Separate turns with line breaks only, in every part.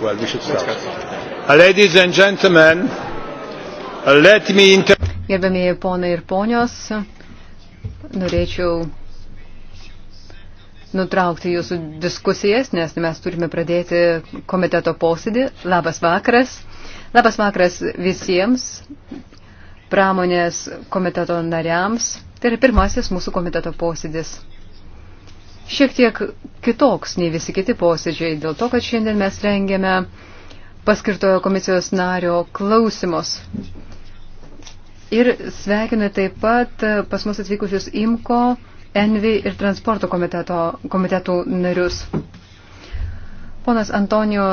Well, we should start. Ladies and gentlemen, let me inter...
Gerbėmėjai ponai ir ponios, norėčiau nutraukti jūsų diskusijas, nes mes turime pradėti komiteto posėdį. Labas vakaras. Labas vakaras visiems pramonės komiteto nariams. Tai yra pirmasis mūsų komiteto posėdis šiek tiek kitoks nei visi kiti posėdžiai, dėl to, kad šiandien mes rengiame paskirtojo komisijos nario klausimus. Ir sveikinu taip pat pas mus atvykusius IMKO, ENVI ir transporto komiteto, komitetų narius. Ponas Antonijo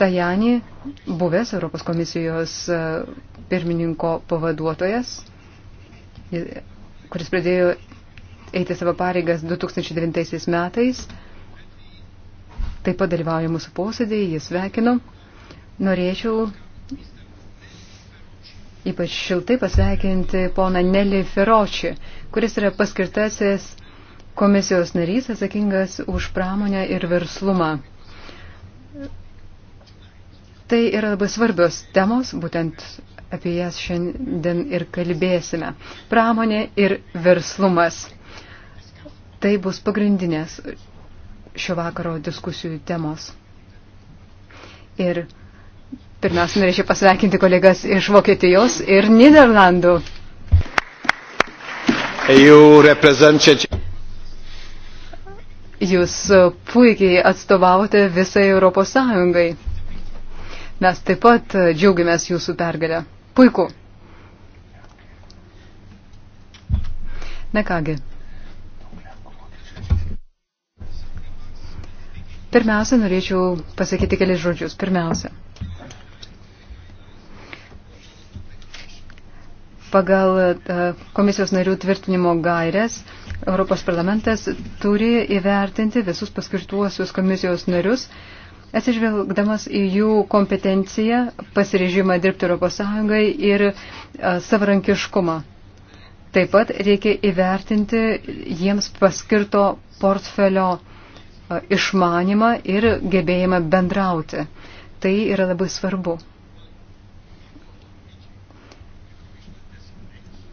Tajani, buvęs Europos komisijos e, pirmininko pavaduotojas, kuris pradėjo eiti savo pareigas 2009 metais. Taip pat dalyvauja mūsų posėdėje, jis sveikino. Norėčiau ypač šiltai pasveikinti poną Nelį Feroči, kuris yra paskirtasis komisijos narys atsakingas už pramonę ir verslumą. Tai yra labai svarbios temos, būtent apie jas šiandien ir kalbėsime. Pramonė ir verslumas. Tai bus pagrindinės šio vakaro diskusijų temos. Ir pirmiausia, norėčiau pasveikinti kolegas iš Vokietijos ir Niderlandų. Jūs puikiai atstovavote visai Europos Sąjungai. Mes taip pat džiaugiamės jūsų pergalę. Puiku. Na kągi. Pirmiausia, norėčiau pasakyti kelias žodžius. Pirmiausia, pagal e, komisijos narių tvirtinimo gairias Europos parlamentas turi įvertinti visus paskirtuosius komisijos narius, atsižvelgdamas į jų kompetenciją, pasirežimą dirbti Europos Sąjungai ir e, savarankiškumą. Taip pat reikia įvertinti jiems paskirto portfelio išmanimą ir gebėjimą bendrauti. Tai yra labai svarbu.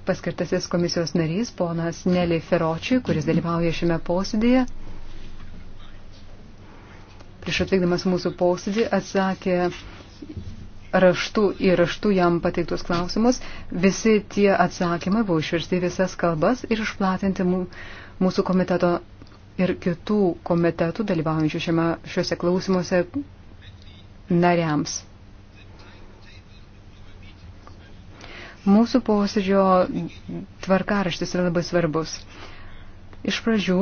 Paskirtasis komisijos narys, ponas Nelė Feročiui, kuris dalyvauja šiame posėdėje, prieš atvykdamas mūsų posėdį atsakė raštu į raštu jam pateiktus klausimus. Visi tie atsakymai buvo išversti visas kalbas ir išplatinti mūsų komiteto ir kitų komitetų dalyvaujančių šiame, šiuose klausimuose nariams. Mūsų posėdžio tvarkaraštis yra labai svarbus. Iš pradžių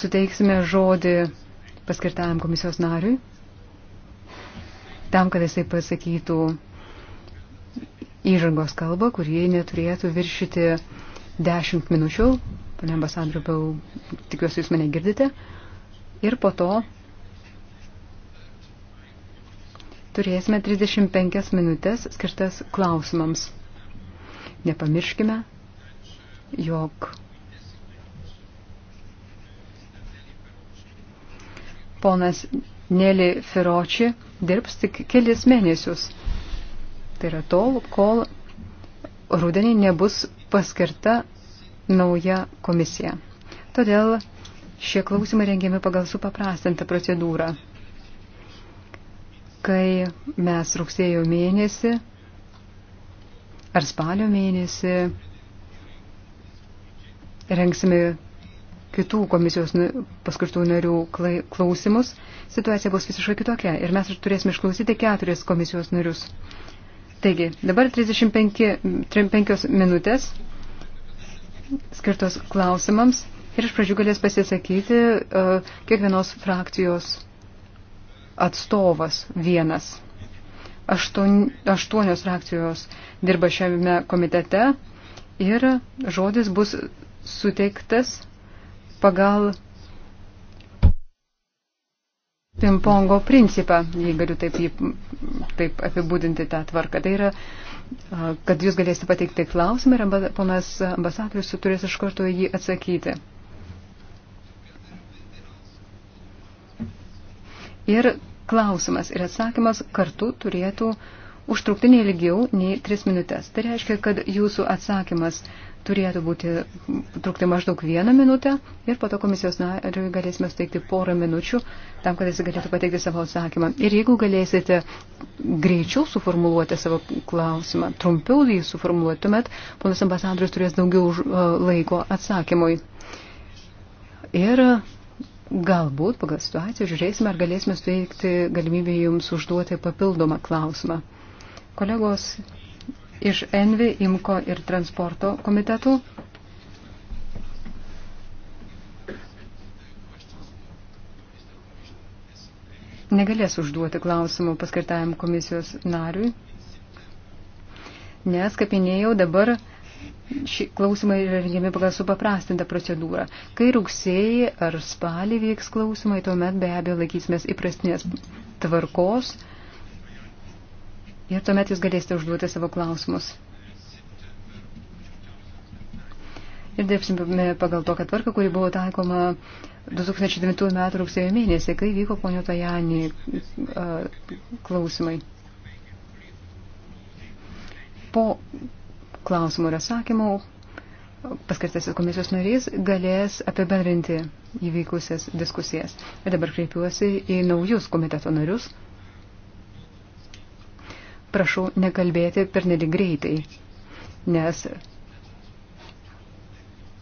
suteiksime žodį paskirtajam komisijos nariui, tam, kad jisai pasakytų įžangos kalbą, kurie neturėtų viršyti 10 minučių, Pane ambasadoriu, tikiuosi, jūs mane girdite. Ir po to turėsime 35 minutės skirtas klausimams. Nepamirškime, jog ponas Nelį Firoči dirbs tik kelis mėnesius. Tai yra tol, kol rudenį nebus paskirta nauja komisija. Todėl šie klausimai rengiami pagal supaprastintą procedūrą. Kai mes rugsėjo mėnesį ar spalio mėnesį rengsime kitų komisijos paskirtų narių klausimus, situacija bus visiškai kitokia ir mes turėsime išklausyti keturis komisijos narius. Taigi, dabar 35 minutės skirtos klausimams ir iš pradžių galės pasisakyti uh, kiekvienos frakcijos atstovas vienas. Aštuon, aštuonios frakcijos dirba šiame komitete ir žodis bus suteiktas pagal pingpongo principą, jei galiu taip, taip apibūdinti tą tvarką. Tai yra uh, kad jūs galėsite pateikti klausimą ir ponas ambasadorius turės iš karto jį atsakyti. Ir klausimas ir atsakymas kartu turėtų užtrukti neilgiau nei 3 minutės. Tai reiškia, kad jūsų atsakymas turėtų būti trukti maždaug vieną minutę ir po to komisijos nariui galėsime suteikti porą minučių tam, kad jis galėtų pateikti savo atsakymą. Ir jeigu galėsite greičiau suformuluoti savo klausimą, trumpiau jį suformuluoti, tuomet ponas ambasadorius turės daugiau e, laiko atsakymui. Ir galbūt pagal situaciją žiūrėsime, ar galėsime suteikti galimybę jums užduoti papildomą klausimą. Kolegos iš Envi, Imko ir transporto komitetų. Negalės užduoti klausimų paskirtajam komisijos nariui, nes, kaip minėjau, dabar ši klausimai yra rengiami pagal supaprastintą procedūrą. Kai rugsėjai ar spalį vyks klausimai, tuomet be abejo laikysimės įprastinės tvarkos ir tuomet jūs galėsite užduoti savo klausimus. Ir dirbsime pagal tokią tvarką, kuri buvo taikoma 2009 m. rugsėjo mėnesį, kai vyko ponio Tajani klausimai. Po klausimų ir atsakymų paskirtasis komisijos narys galės apibendrinti įvykusias diskusijas. Ir dabar kreipiuosi į naujus komiteto narius prašau nekalbėti per nedį greitai, nes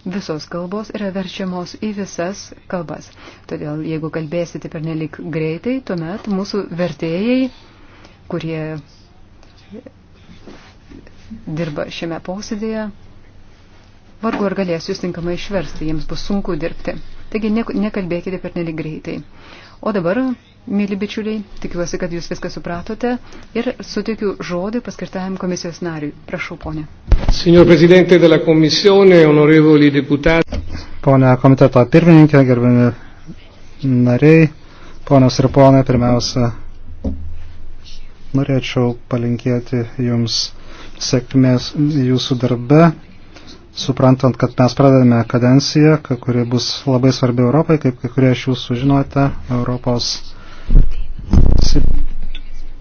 visos kalbos yra verčiamos į visas kalbas. Todėl, jeigu kalbėsite per nelik greitai, tuomet mūsų vertėjai, kurie dirba šiame posėdėje, vargu ar galės jūs tinkamai išversti, jiems bus sunku dirbti. Taigi nekalbėkite per nelik greitai. O dabar Mėly bičiuliai, tikiuosi, kad jūs viską supratote ir sutikiu žodį paskirtajam komisijos nariui. Prašau, ponė.
Signor Presidente della Commissione, onorevoli deputati. Pone komiteto pirmininkė, gerbiami nariai, ponios ir ponai, pirmiausia, norėčiau palinkėti jums sėkmės jūsų darbe, suprantant, kad mes pradedame kadenciją, kuri bus labai svarbi Europai, kaip kai kurie iš jūsų žinote, Europos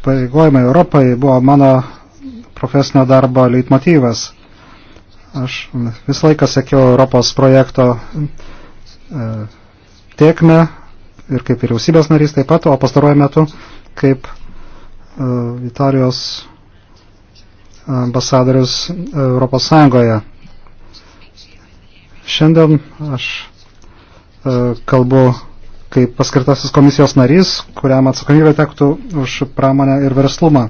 pareigojimai Europai buvo mano profesinio darbo leitmotyvas. Aš visą laiką sekiau Europos projekto e, tiekme ir kaip vyriausybės narys taip pat, o pastaruoju metu kaip e, Italijos ambasadorius Europos Sąjungoje. Šiandien aš e, kalbu kaip paskirtasis komisijos narys, kuriam atsakomybė tektų už pramonę ir verslumą.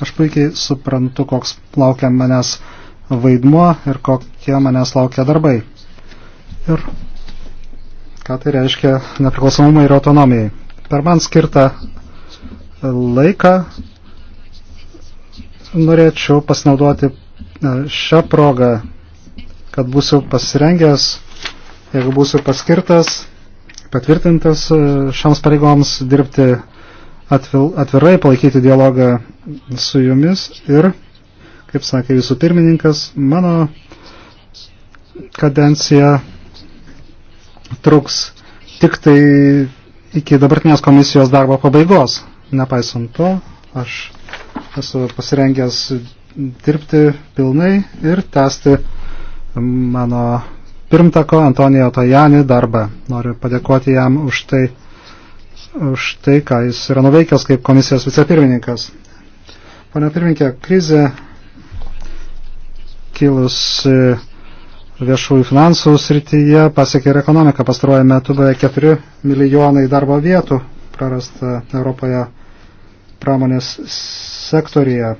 Aš puikiai suprantu, koks laukia manęs vaidmuo ir kokie manęs laukia darbai. Ir ką tai reiškia nepriklausomumai ir autonomijai. Per man skirtą laiką norėčiau pasinaudoti e, šią progą, kad būsiu pasirengęs, jeigu būsiu paskirtas patvirtintas e, šioms pareigoms dirbti atvirai, palaikyti dialogą su jumis ir, kaip sakė jūsų pirmininkas, mano kadencija truks tik tai iki dabartinės komisijos darbo pabaigos. Nepaisant to, aš esu pasirengęs dirbti pilnai ir tęsti mano pirmtako Antonijo Tajani darbą. Noriu padėkoti jam už tai, už tai, ką jis yra nuveikęs kaip komisijos vicepirmininkas. Pane pirmininkė, krizė kilus viešųjų finansų srityje pasiekė ir ekonomiką. Pastaruoju metu beveik 4 milijonai darbo vietų prarasta Europoje pramonės sektorija.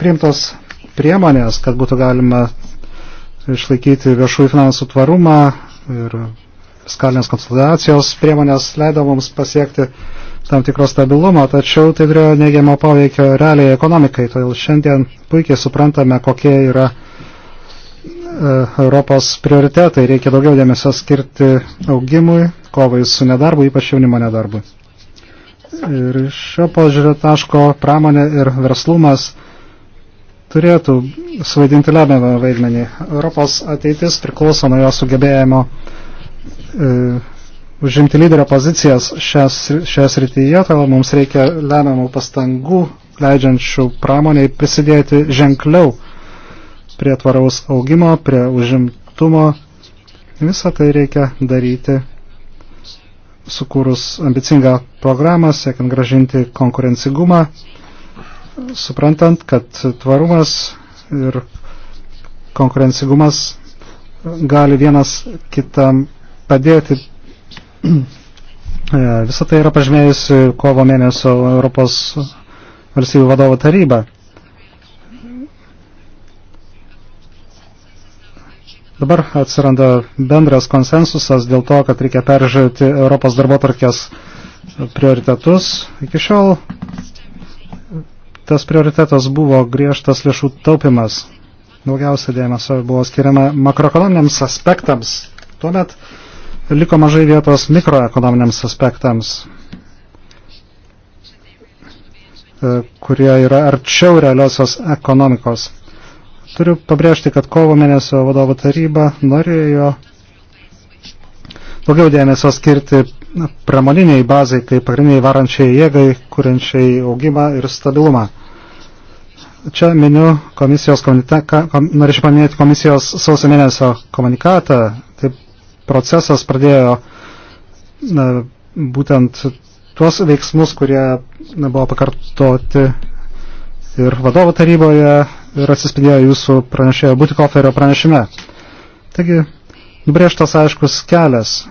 Priimtos priemonės, kad būtų galima išlaikyti viešųjų finansų tvarumą ir fiskalinės konsolidacijos priemonės leido mums pasiekti tam tikro stabilumo, tačiau tai turėjo neigiamą poveikio realiai ekonomikai. Todėl šiandien puikiai suprantame, kokie yra e, Europos prioritetai. Reikia daugiau dėmesio skirti augimui, kovai su nedarbu, ypač jaunimo nedarbu. Ir šio požiūrio taško pramonė ir verslumas turėtų suvaidinti lemiamą vaidmenį. Europos ateitis priklauso nuo jo sugebėjimo e, užimti lyderio pozicijas šioje srityje, todėl mums reikia lemiamų pastangų, leidžiančių pramoniai prisidėti ženkliau prie tvaraus augimo, prie užimtumo. Visą tai reikia daryti sukūrus ambicingą programą, siekiant gražinti konkurencigumą suprantant, kad tvarumas ir konkurencigumas gali vienas kitam padėti. E, Visą tai yra pažymėjusi kovo mėnesio Europos valstybių vadovo taryba. Dabar atsiranda bendras konsensusas dėl to, kad reikia peržiūrėti Europos darbotarkės prioritetus. Iki šiol Tas prioritetas buvo griežtas lėšų taupimas. Daugiausia dėmesio buvo skiriama makroekonominiams aspektams. Tuomet liko mažai vietos mikroekonominiams aspektams, e, kurie yra arčiau realiosios ekonomikos. Turiu pabrėžti, kad kovo mėnesio vadovo taryba norėjo daugiau dėmesio skirti pramoniniai bazai, kaip pagrindiniai varančiai jėgai, kuriančiai augimą ir stabilumą. Čia miniu komisijos komunikatą, kom, norėčiau paminėti komisijos sausio mėnesio komunikatą. Tai procesas pradėjo na, būtent tuos veiksmus, kurie na, buvo pakartoti ir vadovų taryboje ir atsispindėjo jūsų pranešėjo Butikoferio pranešime. Taigi, nubrėžtas aiškus kelias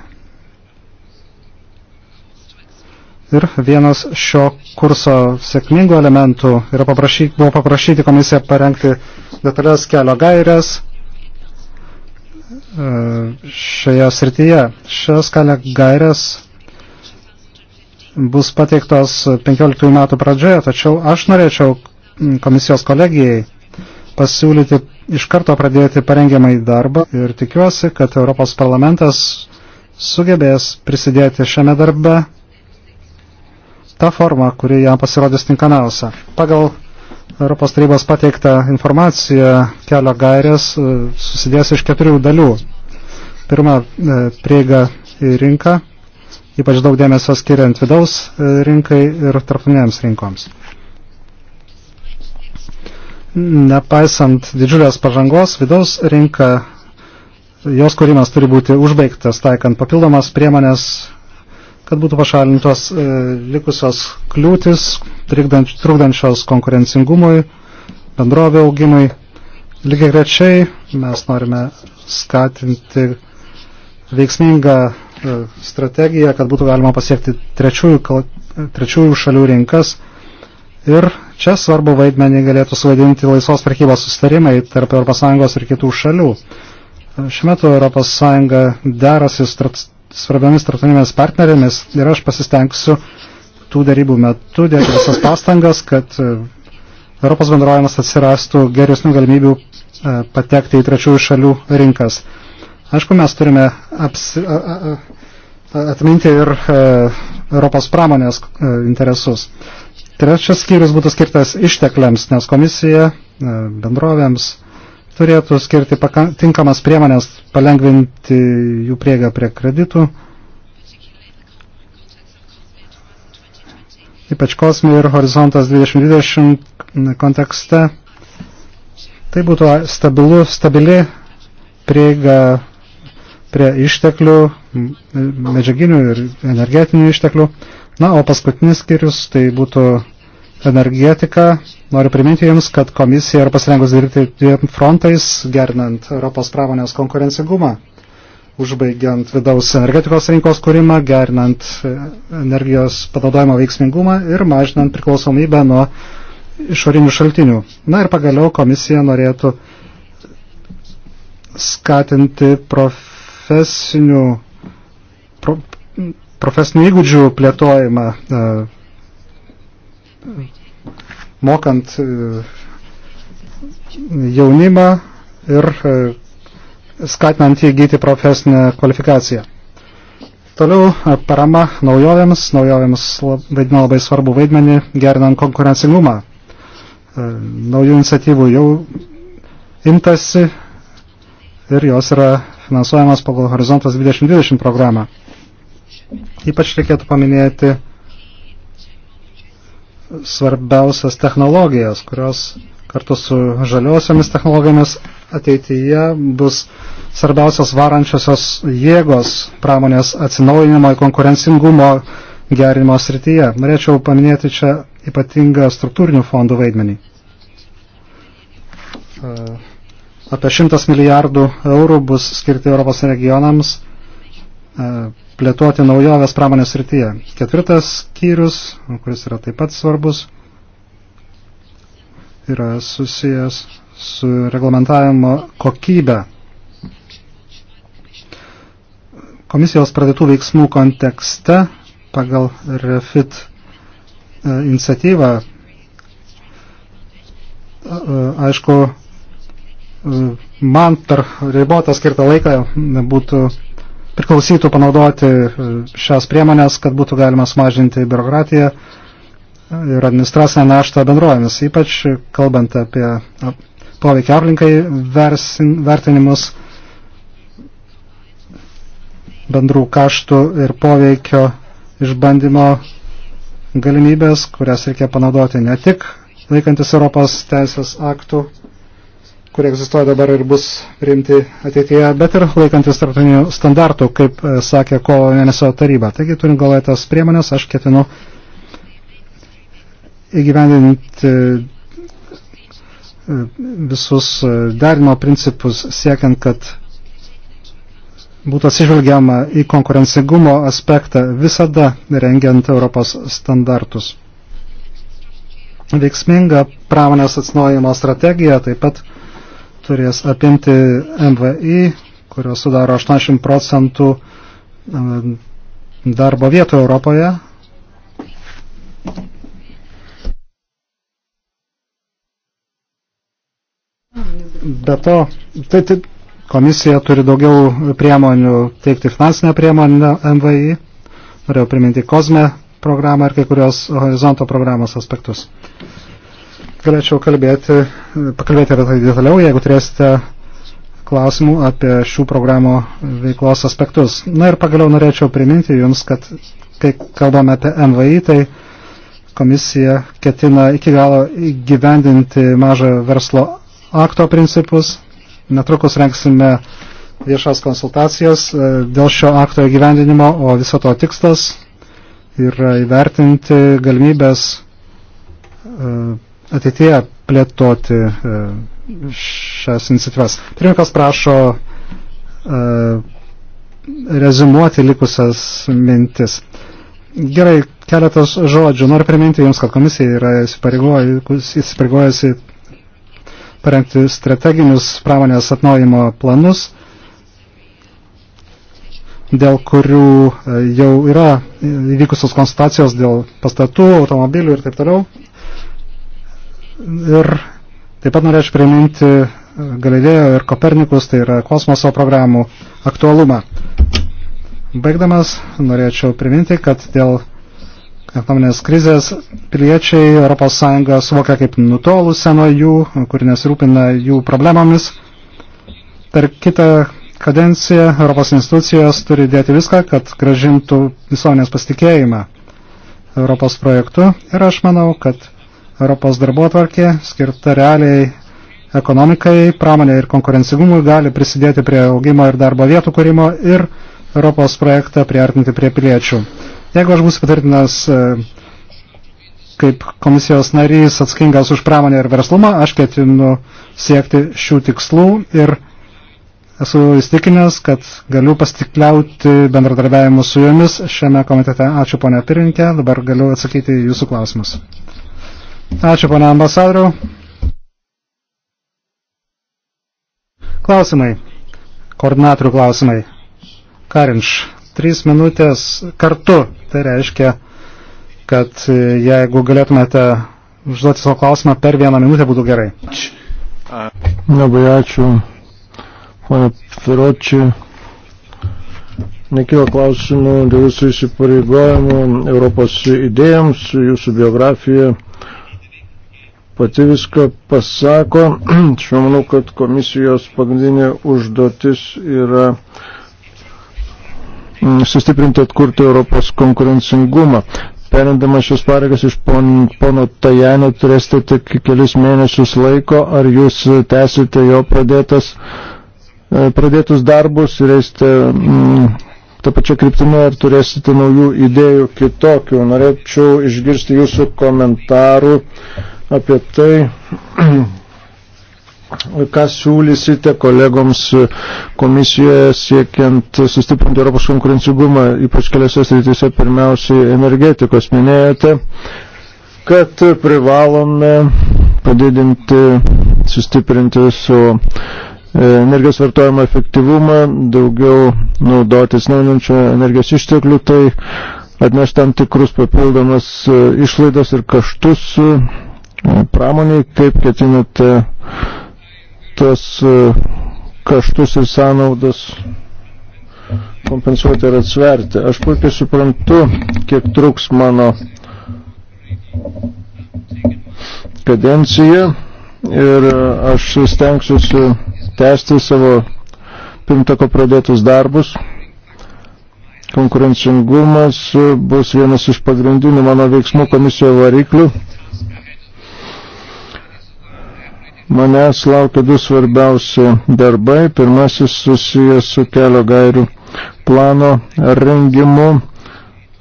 Ir vienas šio kurso sėkmingų elementų yra paprašy, buvo paprašyti komisiją parengti detalės kelio gairės e, šioje srityje. Šios kelio gairės bus pateiktos 15 metų pradžioje, tačiau aš norėčiau komisijos kolegijai pasiūlyti iš karto pradėti parengiamai darbą ir tikiuosi, kad Europos parlamentas sugebės prisidėti šiame darbe ta forma, kuri jam pasirodys tinkamiausia. Pagal Europos tarybos pateiktą informaciją kelio gairės e, susidės iš keturių dalių. Pirma, e, prieiga į rinką, ypač daug dėmesio skiriant vidaus e, rinkai ir tarptautinėms rinkoms. Nepaisant didžiulės pažangos, vidaus rinka, jos kūrimas turi būti užbaigtas, taikant papildomas priemonės kad būtų pašalintos e, likusios kliūtis, trukdančios konkurencingumui, bendrovė augimui. Lygiai grečiai mes norime skatinti veiksmingą e, strategiją, kad būtų galima pasiekti trečiųjų, trečiųjų šalių rinkas. Ir čia svarbu vaidmenį galėtų suvaidinti laisvos prekybos sustarimai tarp ES ir kitų šalių. Šiuo metu ES derasi svarbiamis tarptautinėmis partnerėmis ir aš pasistengsiu tų darybų metu dėti visas pastangas, kad e, Europos bendrojimas atsirastų geresnių galimybių e, patekti į trečiųjų šalių rinkas. Aišku, mes turime apsi, a, a, atminti ir a, e, Europos pramonės a, interesus. Trečias skyrius būtų skirtas ištekliams, nes komisija a, bendrovėms turėtų skirti tinkamas priemonės palengvinti jų priegą prie kreditų, ypač kosmė ir horizontas 2020 kontekste. Tai būtų stabilu, stabili prieiga prie išteklių, medžiaginių ir energetinių išteklių. Na, o paskutinis skirius tai būtų energetiką. Noriu priminti Jums, kad komisija yra pasirengus dirbti dviem frontais, gerinant Europos pramonės konkurencingumą, užbaigiant vidaus energetikos rinkos kūrimą, gerinant energijos panaudojimo veiksmingumą ir mažinant priklausomybę nuo išorinių šaltinių. Na ir pagaliau komisija norėtų skatinti profesinių, pro, profesinių įgūdžių plėtojimą e, mokant e, jaunimą ir e, skatinant įgyti profesinę kvalifikaciją. Toliau e, parama naujovėms. Naujovėms vaidina labai svarbu vaidmenį, gerinant konkurencingumą. Naujų iniciatyvų jau imtasi ir jos yra finansuojamas pagal Horizontas 2020 programą. Ypač reikėtų paminėti svarbiausias technologijas, kurios kartu su žaliosiomis technologijomis ateityje bus svarbiausios varančiosios jėgos pramonės atsinaujinimo ir konkurencingumo gerinimo srityje. Norėčiau paminėti čia ypatingą struktūrinių fondų vaidmenį. Apie 100 milijardų eurų bus skirti Europos regionams E, plėtoti naujoves pramonės rytyje. Ketvirtas skyrius, kuris yra taip pat svarbus, yra susijęs su reglamentavimo kokybė. Komisijos pradėtų veiksmų kontekste pagal REFIT e, iniciatyvą, e, aišku, man per ribotą skirtą laiką būtų priklausytų panaudoti e, šias priemonės, kad būtų galima sumažinti biurokratiją ir administracinę naštą bendrovėmis, ypač kalbant apie poveikia aplinkai versin, vertinimus bendrų kaštų ir poveikio išbandymo galimybės, kurias reikia panaudoti ne tik laikantis Europos teisės aktų, kurie egzistuoja dabar ir bus priimti ateityje, bet ir laikantis tarptautinių standartų, kaip e, sakė kovo mėnesio taryba. Taigi, turint galvoje tas priemonės, aš ketinu įgyvendinti e, visus e, darimo principus siekiant, kad būtų atsižvelgiama į konkurencingumo aspektą visada rengiant Europos standartus. Veiksminga pramonės atsinaujimo strategija taip pat turės apimti MVI, kurios sudaro 80 procentų e, darbo vietų Europoje. Be to, tai, tai komisija turi daugiau priemonių teikti finansinę priemonę MVI. Norėjau priminti COSME programą ir kai kurios horizonto programos aspektus galėčiau kalbėti, pakalbėti apie tai detaliau, jeigu turėsite klausimų apie šių programų veiklos aspektus. Na ir pagaliau norėčiau priminti Jums, kad kai kalbame apie MVI, tai komisija ketina iki galo gyvendinti mažą verslo akto principus. Netrukus renksime viešas konsultacijas e, dėl šio akto įgyvendinimo, o viso to tikslas yra įvertinti galimybės e, ateityje plėtoti e, šias iniciatyvas. Pirmininkas prašo e, rezumuoti likusias mintis. Gerai, keletas žodžių. Noriu priminti Jums, kad komisija yra įsipareigojusi parengti strateginius pramonės atnaujimo planus, dėl kurių e, jau yra įvykusios konstatacijos dėl pastatų, automobilių ir taip toliau. Ir taip pat norėčiau priminti e, Galilėjo ir Kopernikus, tai yra kosmoso programų aktualumą. Baigdamas, norėčiau priminti, kad dėl ekonominės krizės piliečiai ES suvokia kaip nutolusią nuo jų, kur nesirūpina jų problemomis. Per kitą kadenciją Europos institucijos turi dėti viską, kad gražintų visuomenės pasitikėjimą Europos projektu. Ir aš manau, kad Europos darbotvarkė skirta realiai ekonomikai, pramonė ir konkurencingumui gali prisidėti prie augimo ir darbo vietų kūrimo ir Europos projektą priartinti prie piliečių. Jeigu aš būsiu patvirtinęs e, kaip komisijos narys atsakingas už pramonę ir verslumą, aš ketinu siekti šių tikslų ir esu įstikinęs, kad galiu pasitikliauti bendradarbiavimu su jumis šiame komitete. Ačiū ponia pirinkė, dabar galiu atsakyti jūsų klausimus. Ačiū, pana ambasadoriau. Klausimai. Koordinatorių klausimai. Karinš, trys minutės kartu. Tai reiškia, kad jeigu galėtumėte užduoti
savo klausimą per vieną minutę, būtų gerai. Labai ačiū, pana Firočiai. Nekilo klausimų dėl jūsų įsipareigojimų Europos idėjams, jūsų biografija pati viską pasako. Aš manau, kad komisijos pagrindinė užduotis yra mm, sustiprinti atkurti Europos konkurencingumą. Perindama šios pareigas iš pon, pono Tajanio turėsite tik kelis mėnesius laiko, ar jūs tęsite jo pradėtas, e, pradėtus darbus ir eisite mm, tą pačią kryptimą ir turėsite naujų idėjų kitokių. Norėčiau išgirsti jūsų komentarų. Uh, apie tai, ką siūlysite kolegoms komisijoje siekiant sustiprinti Europos konkurencingumą, ypač keliose srityse, pirmiausiai energetikos. Minėjote, kad privalome padidinti, sustiprinti su e, energijos vartojimo efektyvumą, daugiau naudotis naujinančio energijos išteklių, tai atneš tam tikrus papildomas e, išlaidas ir kaštus pramoniai, kaip ketinate tas e, kaštus ir sąnaudas kompensuoti ir atsverti. Aš puikiai suprantu, kiek truks mano kadencija ir e, aš stengsiuosi tęsti savo pirmtako pradėtus darbus. Konkurencingumas e, bus vienas iš pagrindinių mano veiksmų komisijoje variklių. manęs laukia du svarbiausi darbai. Pirmasis susijęs su kelio gairių plano rengimu,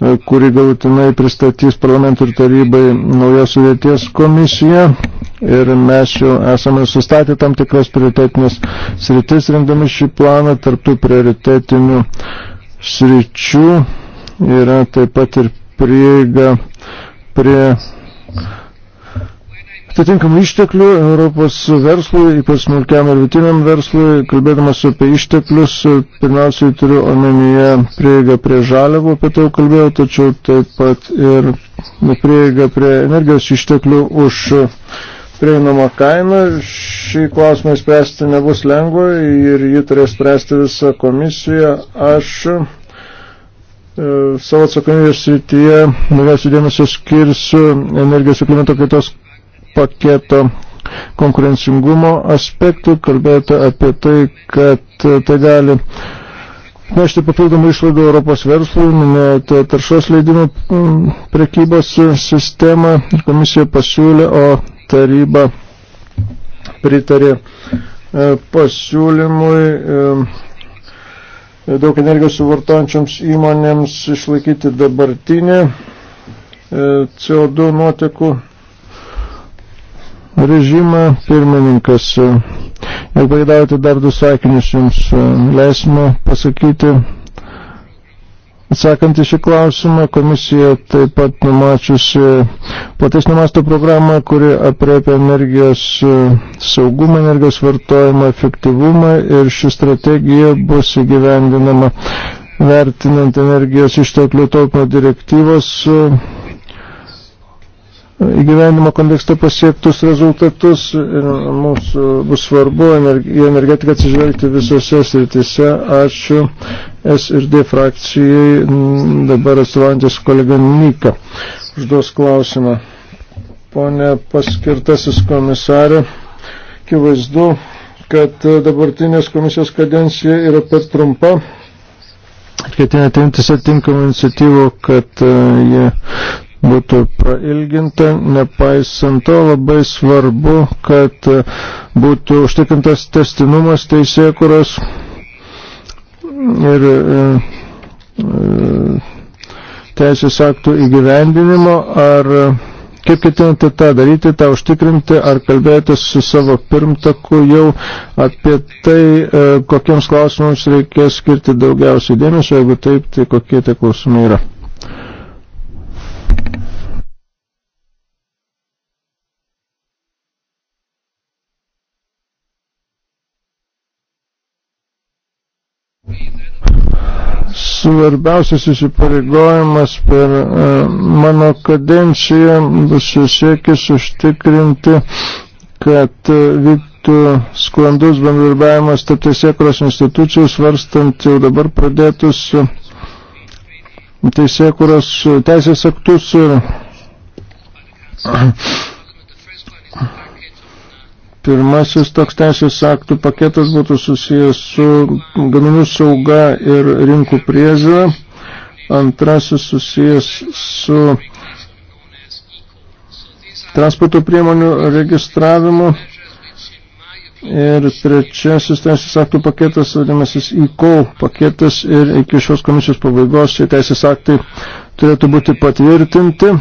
e, kurį galutinai pristatys parlamentų ir tarybai nauja sudėties komisija. Ir mes jau esame sustatę tam tikras prioritetinės sritis, rengdami šį planą tarptų prioritetinių sričių. Yra taip pat ir prieiga prie atitinkamų išteklių Europos verslui, ypač smulkiam ir vidutiniam verslui. Kalbėdamas apie išteklius, pirmiausiai turiu omenyje prieigą prie žaliavų, apie tai kalbėjau, tačiau taip pat ir prieigą prie energijos išteklių už prieinamą kainą. Šį klausimą spręsti nebus lengva ir jį turės spręsti visą komisiją. Aš e, savo atsakomybės srityje daugiausiai dėmesio skirsiu energijos ir klimato kaitos paketo konkurencingumo aspektų, kalbėjote apie tai, kad tai gali nešti papildomų išlaidų Europos verslui, minėjote taršos leidimų prekybos sistemą, komisija pasiūlė, o taryba pritarė e, pasiūlymui e, daug energijos suvartojančioms įmonėms išlaikyti dabartinį e, CO2 nuotekų režimą. Pirmininkas, jeigu pageidavote dar du sakinius, jums e, leisime pasakyti. Atsakant į šį klausimą, komisija taip pat numačiusi platesnio masto programą, kuri apriepia energijos e, saugumą, energijos vartojimą, efektyvumą ir ši strategija bus įgyvendinama vertinant energijos išteklių taupimo direktyvos e, įgyvenimo kontekste pasiektus rezultatus ir mums e, bus svarbu į energetiką atsižvelgti visose sritise. Ačiū S ir D frakcijai, dabar atstovaujantis kolega Nika. Užduos klausimą. Pone paskirtasis komisarė, akivaizdu, kad dabartinės komisijos kadencija yra per trumpa ketinate imtis atinkamų iniciatyvų, kad e, jie būtų prailginta, nepaisant to labai svarbu, kad būtų užtikrintas testinumas teisėkuros ir e, e, teisės aktų įgyvendinimo, ar e, kaip ketinate tą daryti, tą užtikrinti, ar kalbėjote su savo pirmtaku jau apie tai, kokiems klausimams reikės skirti daugiausiai dėmesio, jeigu taip, tai kokie tie klausimai yra. svarbiausias įsipareigojimas per e, mano kadenciją bus siekis užtikrinti, kad e, vyktų sklandus bendradarbiavimas tarp teisėkros institucijų, svarstant jau dabar pradėtus e, teisėkuros teisės aktus ir Pirmasis toks teisės aktų paketas būtų susijęs su gaminių sauga ir rinkų priežiūra. Antrasis susijęs su transporto priemonių registravimu. Ir trečiasis teisės aktų paketas, vadinamasis e-call paketas ir iki šios komisijos pabaigos šie teisės aktai turėtų būti patvirtinti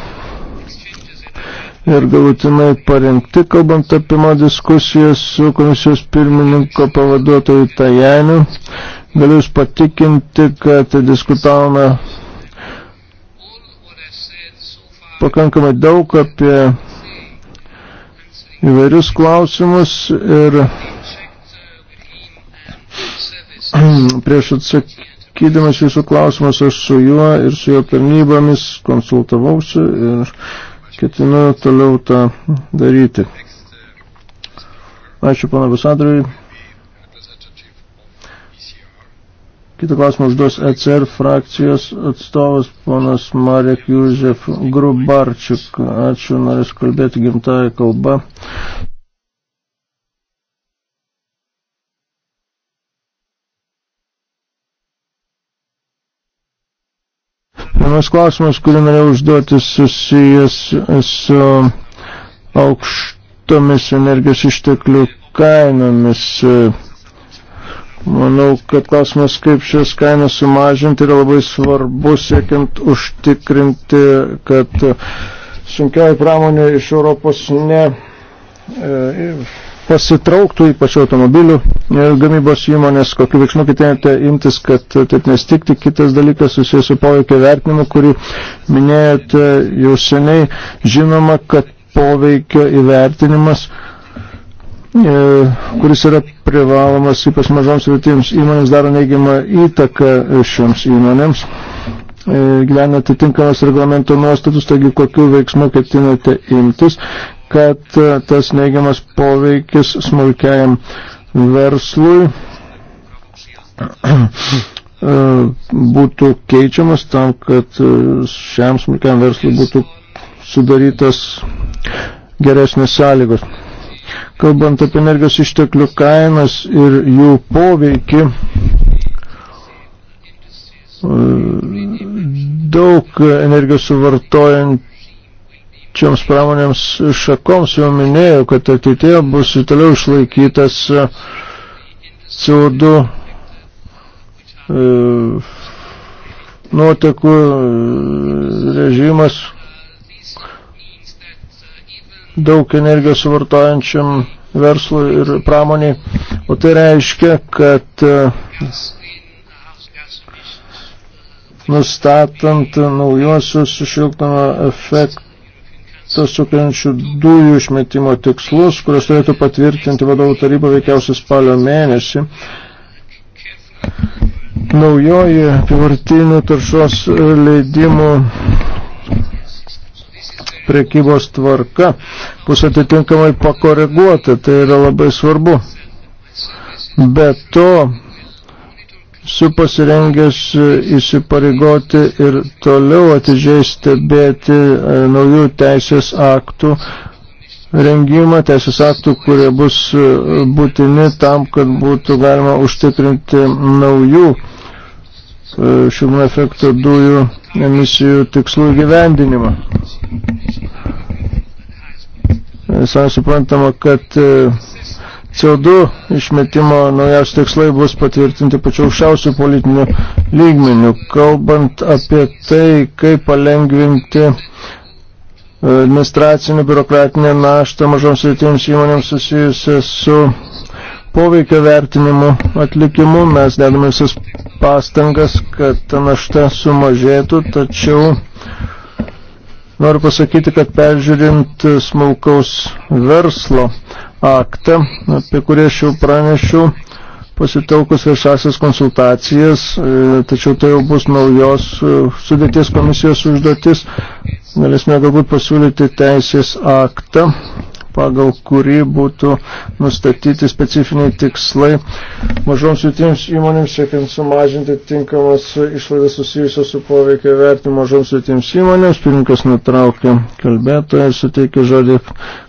ir galutinai parengti, kalbant apie mano diskusiją su komisijos pirmininko pavaduotoju Tajaniu. Galiu Jūs patikinti, kad diskutavome pakankamai daug apie įvairius klausimus ir prieš atsakydamas jūsų klausimus aš su juo ir su jo tarnybomis konsultavausi ir ketinu toliau tą daryti. Ačiū pana ambasadoriui. Kitą klausimą užduos ECR frakcijos atstovas ponas Marek Jūzef Grubarčiuk. Ačiū, norės kalbėti gimtąją kalbą. Vienas klausimas, kurį norėjau užduoti, susijęs su aukštomis energijos išteklių kainomis. Manau, kad klausimas, kaip šias kainas sumažinti, yra labai svarbus, siekiant užtikrinti, kad sunkioji pramonė iš Europos ne e, pasitrauktų, ypač automobilių e, gamybos įmonės, kokiu veiksmu kitėjote imtis, kad taip nestikti. Kitas dalykas susijęs su poveikio vertinimu, kurį minėjote jau seniai, žinoma, kad poveikio įvertinimas e, kuris yra privalomas ypač mažoms rytims įmonėms daro neigiamą įtaką šioms įmonėms e, gyvena atitinkamas reglamento nuostatus, taigi kokiu veiksmu ketinate imtis kad e, tas neigiamas poveikis smulkiajam verslui e, būtų keičiamas tam, kad e, šiam smulkiam verslui būtų sudarytas geresnės sąlygos. Kalbant apie energijos išteklių kainas ir jų poveikį, daug energijos suvartojant šioms pramonėms šakoms jau minėjau, kad ateitie bus ir toliau išlaikytas e, CO2 e, nuotekų e, režimas daug energijos suvartojančiam verslui ir pramoniai, o tai reiškia, kad e, nustatant naujuosius šiltnamo efektą sukeliančių dujų išmetimo tikslus, kurios turėtų patvirtinti vadovų taryba veikiausiai spalio mėnesį. Naujoji apivartinių taršos leidimų prekybos tvarka bus atitinkamai pakoreguota, tai yra labai svarbu. Be to, su pasirengęs e, įsipareigoti ir toliau atidžiai stebėti e, naujų teisės aktų rengimą, teisės aktų, kurie bus e, būtini tam, kad būtų galima užtikrinti naujų šilumų efekto dujų emisijų tikslų gyvendinimą. Savai suprantama, kad CO2 išmetimo naujausi tikslai bus patvirtinti pačiu aukščiausių politinių lygmenių. Kalbant apie tai, kaip palengvinti e, administracinį biurokratinę naštą mažoms rytims įmonėms susijusią su poveikio vertinimu atlikimu, mes dedame visas pastangas, kad ta našta sumažėtų, tačiau noriu pasakyti, kad peržiūrint smulkaus verslo aktą, apie kurį aš jau pranešiu pasitelkus viešasias konsultacijas, e, tačiau tai jau bus naujos e, sudėties komisijos užduotis. Galėsime galbūt pasiūlyti teisės aktą, pagal kurį būtų nustatyti specifiniai tikslai mažoms jūtiems įmonėms, siekiant sumažinti tinkamas išlaidas susijusios su poveikio vertinimu mažoms jūtiems įmonėms. Pirmininkas nutraukė kalbėtoją ir suteikė žodį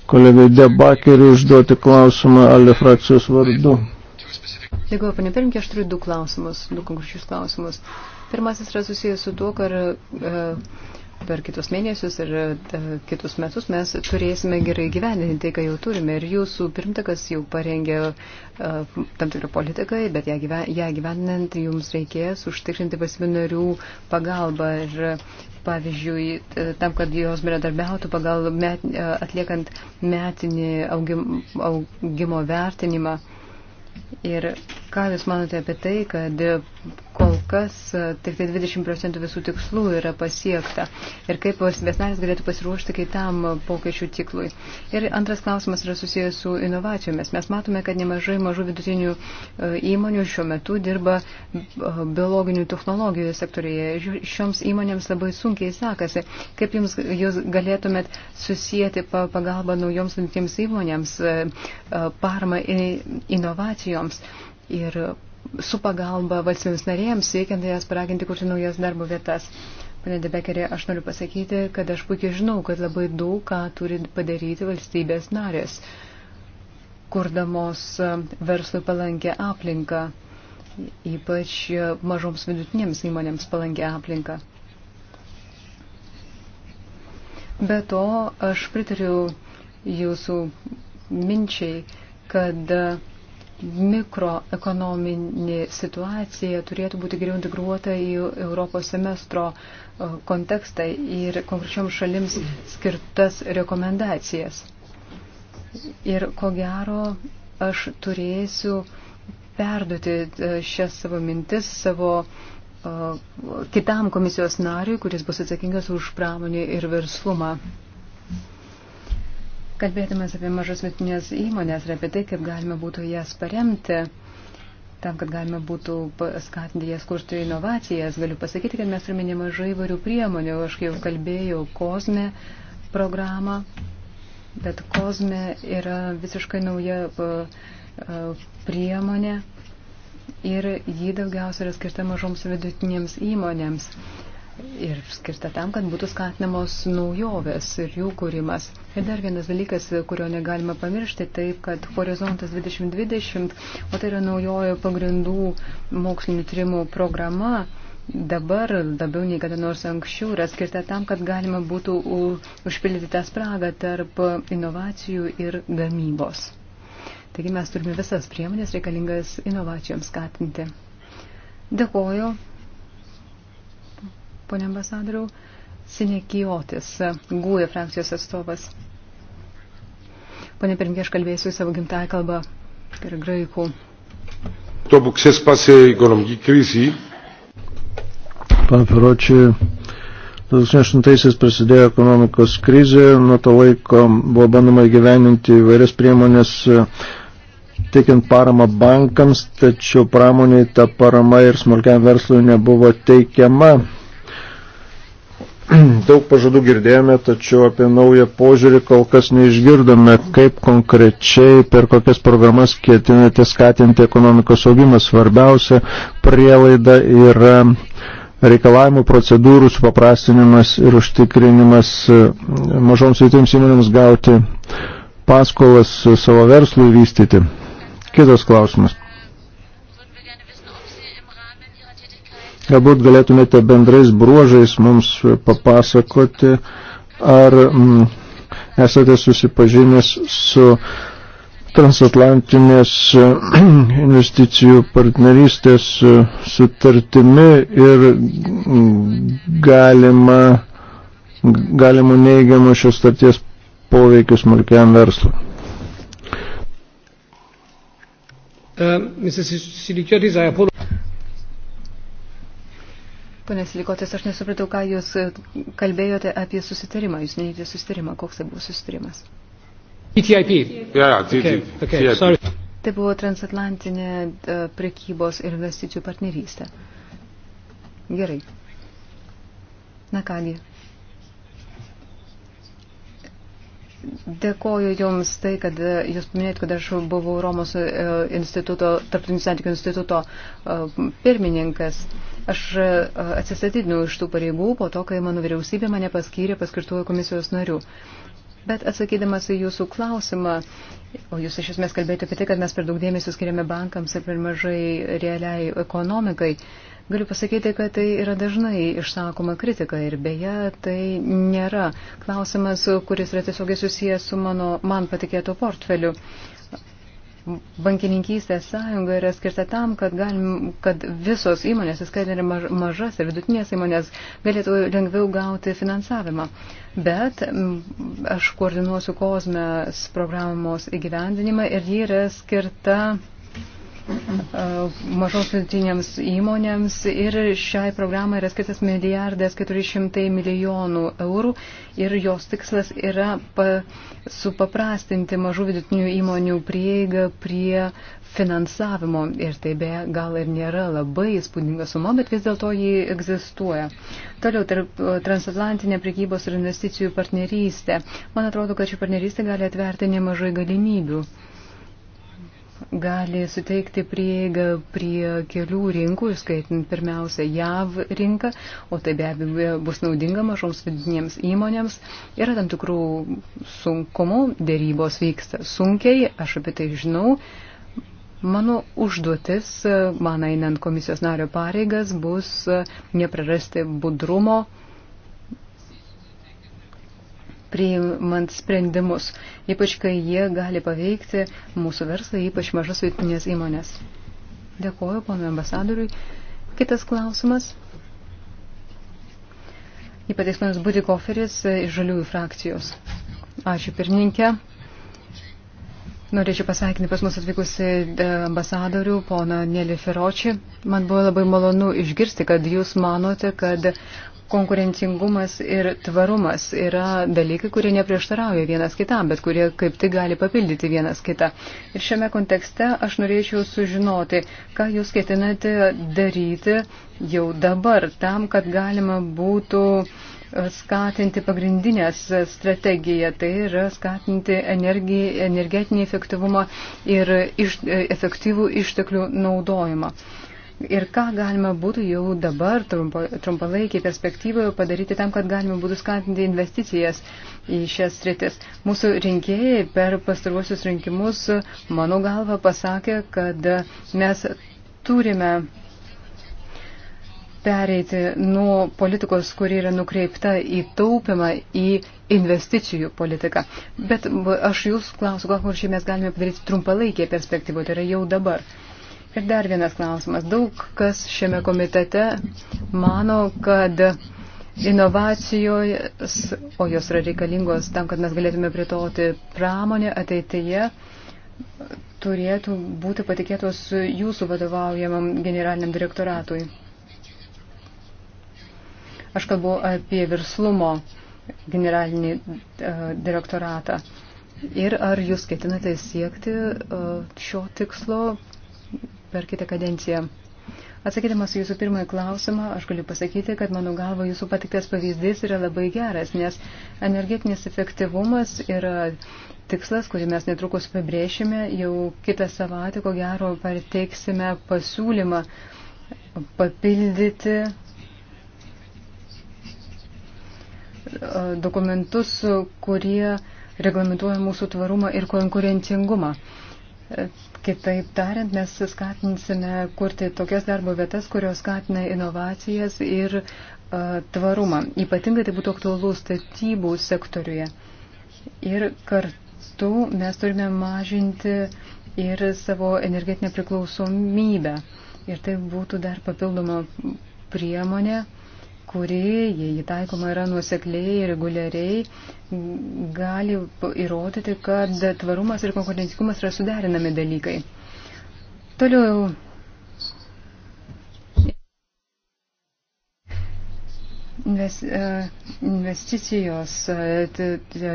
kolegai Debakeriui užduoti klausimą Alė frakcijos vardu.
Dėkuoju, panė pirmkė, aš turiu du klausimus, du konkrečius klausimus. Pirmasis yra susijęs su tuo, kad e, per kitus mėnesius ir e, kitus metus mes turėsime gerai gyveninti tai, ką jau turime. Ir jūsų pirmtakas jau parengė e, tam tikrą politiką, bet ją gyveninant jums reikės užtikrinti pasiminarių pagalbą. Ir pavyzdžiui, tam, kad jos bendradarbiautų pagal met, e, atliekant metinį augimo, augimo vertinimą. Ir ką Jūs manote apie tai, kad kol kas e, tik tai 20 procentų visų tikslų yra pasiekta ir kaip valstybės narės galėtų pasiruošti kitam pokyčių tiklui. Ir antras klausimas yra susijęs su inovacijomis. Mes matome, kad nemažai mažų vidutinių e, įmonių šiuo metu dirba e, biologinių technologijų sektorėje. Šioms įmonėms labai sunkiai sekasi. Kaip jums, jūs galėtumėt susijęti pagalbą naujoms vidutinėms įmonėms, parmą inovacijoms ir su pagalba valstybėms narėjams, siekiant jas paraginti kurti naujas darbo vietas. Pane Debekerė, aš noriu pasakyti, kad aš puikiai žinau, kad labai daug ką turi padaryti valstybės narės, kurdamos e, verslui palankę aplinką, ypač e, mažoms vidutinėms įmonėms palankę aplinką. Be to, aš pritariu jūsų minčiai, kad uh, mikroekonominė situacija turėtų būti geriau integruota į Europos semestro e, kontekstą ir konkrečioms šalims skirtas rekomendacijas. Ir ko gero aš turėsiu perduoti e, šias savo mintis savo e, kitam komisijos nariui, kuris bus atsakingas už pramonį ir verslumą. Kalbėtumės apie mažas metinės įmonės ir apie tai, kaip galima būtų jas paremti, tam, kad galima būtų skatinti jas kurti inovacijas, galiu pasakyti, kad mes turime nemažai įvairių priemonių. Aš jau kalbėjau kosme programą, bet kosme yra visiškai nauja priemonė ir ji daugiausia yra skirta mažoms vidutinėms įmonėms ir skirta tam, kad būtų skatinamos naujovės ir jų kūrimas. Ir dar vienas dalykas, kurio negalima pamiršti, tai kad Horizontas 2020, o tai yra naujojo pagrindų mokslinių tyrimų programa, dabar labiau nei kada nors anksčiau yra skirta tam, kad galima būtų užpildyti tą spragą tarp inovacijų ir gamybos. Taigi mes turime visas priemonės reikalingas inovacijoms skatinti. Dėkuoju ponė ambasadoriau, Sinekijotis, Gūja frakcijos atstovas. Pone pirmie, aš kalbėsiu savo gimtąją kalbą, tai yra graikų.
To που ξέσπασε η οικονομική κρίση. Παπερότσι, 2008-aisiais prasidėjo ekonomikos krizė, nuo to laiko buvo bandoma įgyveninti įvairias priemonės teikiant paramą bankams, tačiau pramoniai ta parama ir smulkiam verslui nebuvo teikiama Daug pažadų girdėjome, tačiau apie naują požiūrį kol kas neišgirdome, kaip konkrečiai per kokias programas ketinate skatinti ekonomikos augimą. Svarbiausia prielaida yra reikalavimų procedūrų supaprastinimas ir užtikrinimas e, mažoms vietėms įmonėms gauti paskolas savo verslui vystyti. Kitas klausimas. Galbūt galėtumėte bendrais bruožais mums papasakoti, ar m, mm, esate susipažinęs su transatlantinės investicijų partnerystės sutartimi ir mm, galima, galimų neigiamų šios starties poveikių smulkiam verslui.
Uh,
Pane Silikotis, aš nesupratau, ką jūs e, kalbėjote apie susitarimą. Jūs neįdėte susitarimą. Koks tai buvo susitarimas? TTIP. Yeah, okay. Okay. Sorry. Tai buvo transatlantinė e, prekybos ir investicijų partnerystė. Gerai. Na kągi. Dėkoju Jums tai, kad Jūs paminėjot, kad aš buvau Romos e, instituto, tarptautinių santykių instituto e, pirmininkas. Aš e, atsistatydinau iš tų pareigų po to, kai mano vyriausybė mane paskyrė paskirtuoju komisijos nariu. Bet atsakydamas į jūsų klausimą, o jūs iš esmės kalbėjote apie tai, kad mes per daug dėmesio skiriame bankams ir per mažai realiai ekonomikai, galiu pasakyti, kad tai yra dažnai išsakoma kritika ir beje tai nėra klausimas, kuris yra tiesiogiai susijęs su mano, man patikėto portfeliu bankininkystės sąjunga yra skirta tam, kad, galim, kad visos įmonės, įskaitant ir mažas ir vidutinės įmonės, galėtų lengviau gauti finansavimą. Bet mm, aš koordinuosiu kosmės programos įgyvendinimą ir ji yra skirta Mm-hmm. mažos vidutinėms įmonėms ir šiai programai yra skirtas milijardas 400 milijonų eurų ir jos tikslas yra pa, supaprastinti mažų vidutinių įmonių prieigą prie finansavimo ir tai be gal ir nėra labai įspūdinga suma, bet vis dėlto ji egzistuoja. Toliau tarp transatlantinė prekybos ir investicijų partnerystė. Man atrodo, kad ši partnerystė gali atverti nemažai galimybių gali suteikti prieigą prie kelių rinkų, skaitant pirmiausia JAV rinką, o tai be abejo bus naudinga mažoms vidinėms įmonėms. Yra tam tikrų sunkumų, dėrybos vyksta sunkiai, aš apie tai žinau. Mano užduotis, man einant komisijos nario pareigas, bus neprarasti budrumo priimant sprendimus, ypač kai jie gali paveikti mūsų verslą, ypač mažas vietinės įmonės. Dėkuoju, ponui ambasadoriui. Kitas klausimas. Ypatis manas būti koferis iš žaliųjų frakcijos. Ačiū pirmininkė. Norėčiau pasveikinti pas mus atvykusi e, ambasadorių, poną Nelį Feročį. Man buvo labai malonu išgirsti, kad jūs manote, kad konkurencingumas ir tvarumas yra dalykai, kurie neprieštarauja vienas kitam, bet kurie kaip tik gali papildyti vienas kitą. Ir šiame kontekste aš norėčiau sužinoti, ką jūs ketinate daryti jau dabar tam, kad galima būtų uh, skatinti pagrindinės strategiją, tai yra skatinti energiją, energetinį efektyvumą ir iš, efektyvų išteklių naudojimą. Ir ką galima būtų jau dabar trumpo, trumpalaikiai perspektyvoje padaryti tam, kad galima būtų skatinti investicijas į šias sritis. Mūsų rinkėjai per pastaruosius rinkimus, mano galva, pasakė, kad mes turime pereiti nuo politikos, kuri yra nukreipta į taupimą, į investicijų politiką. Bet aš jūs klausiu, ką kur šį mes galime padaryti trumpalaikėje perspektyvoje, tai yra jau dabar. Ir dar vienas klausimas. Daug kas šiame komitete mano, kad inovacijos, o jos yra reikalingos tam, kad mes galėtume pritoti pramonę ateityje, turėtų būti patikėtos jūsų vadovaujamam generaliniam direktoratui. Aš kalbu apie verslumo generalinį e, direktoratą. Ir ar jūs ketinate siekti e, šio tikslo per kitą kadenciją? Atsakydamas jūsų pirmąjį klausimą, aš galiu pasakyti, kad mano galva jūsų patiktas pavyzdys yra labai geras, nes energetinis efektyvumas yra tikslas, kurį mes netrukus apibrėšime. Jau kitą savaitę, ko gero, pateiksime pasiūlymą papildyti E, dokumentus, kurie reglamentuoja mūsų tvarumą ir konkurencingumą. E, kitaip tariant, mes skatinsime kurti tokias darbo vietas, kurios skatina inovacijas ir uh, tvarumą. Ypatingai tai būtų aktualu statybų sektoriuje. Ir kartu mes turime mažinti ir savo energetinę priklausomybę. Ir tai būtų dar papildoma priemonė uh, kuri, jei jį taikoma yra nuosekliai ir reguliariai, gali įrodyti, kad tvarumas ir konkurencingumas yra suderinami dalykai. Toliau. E, investicijos, e,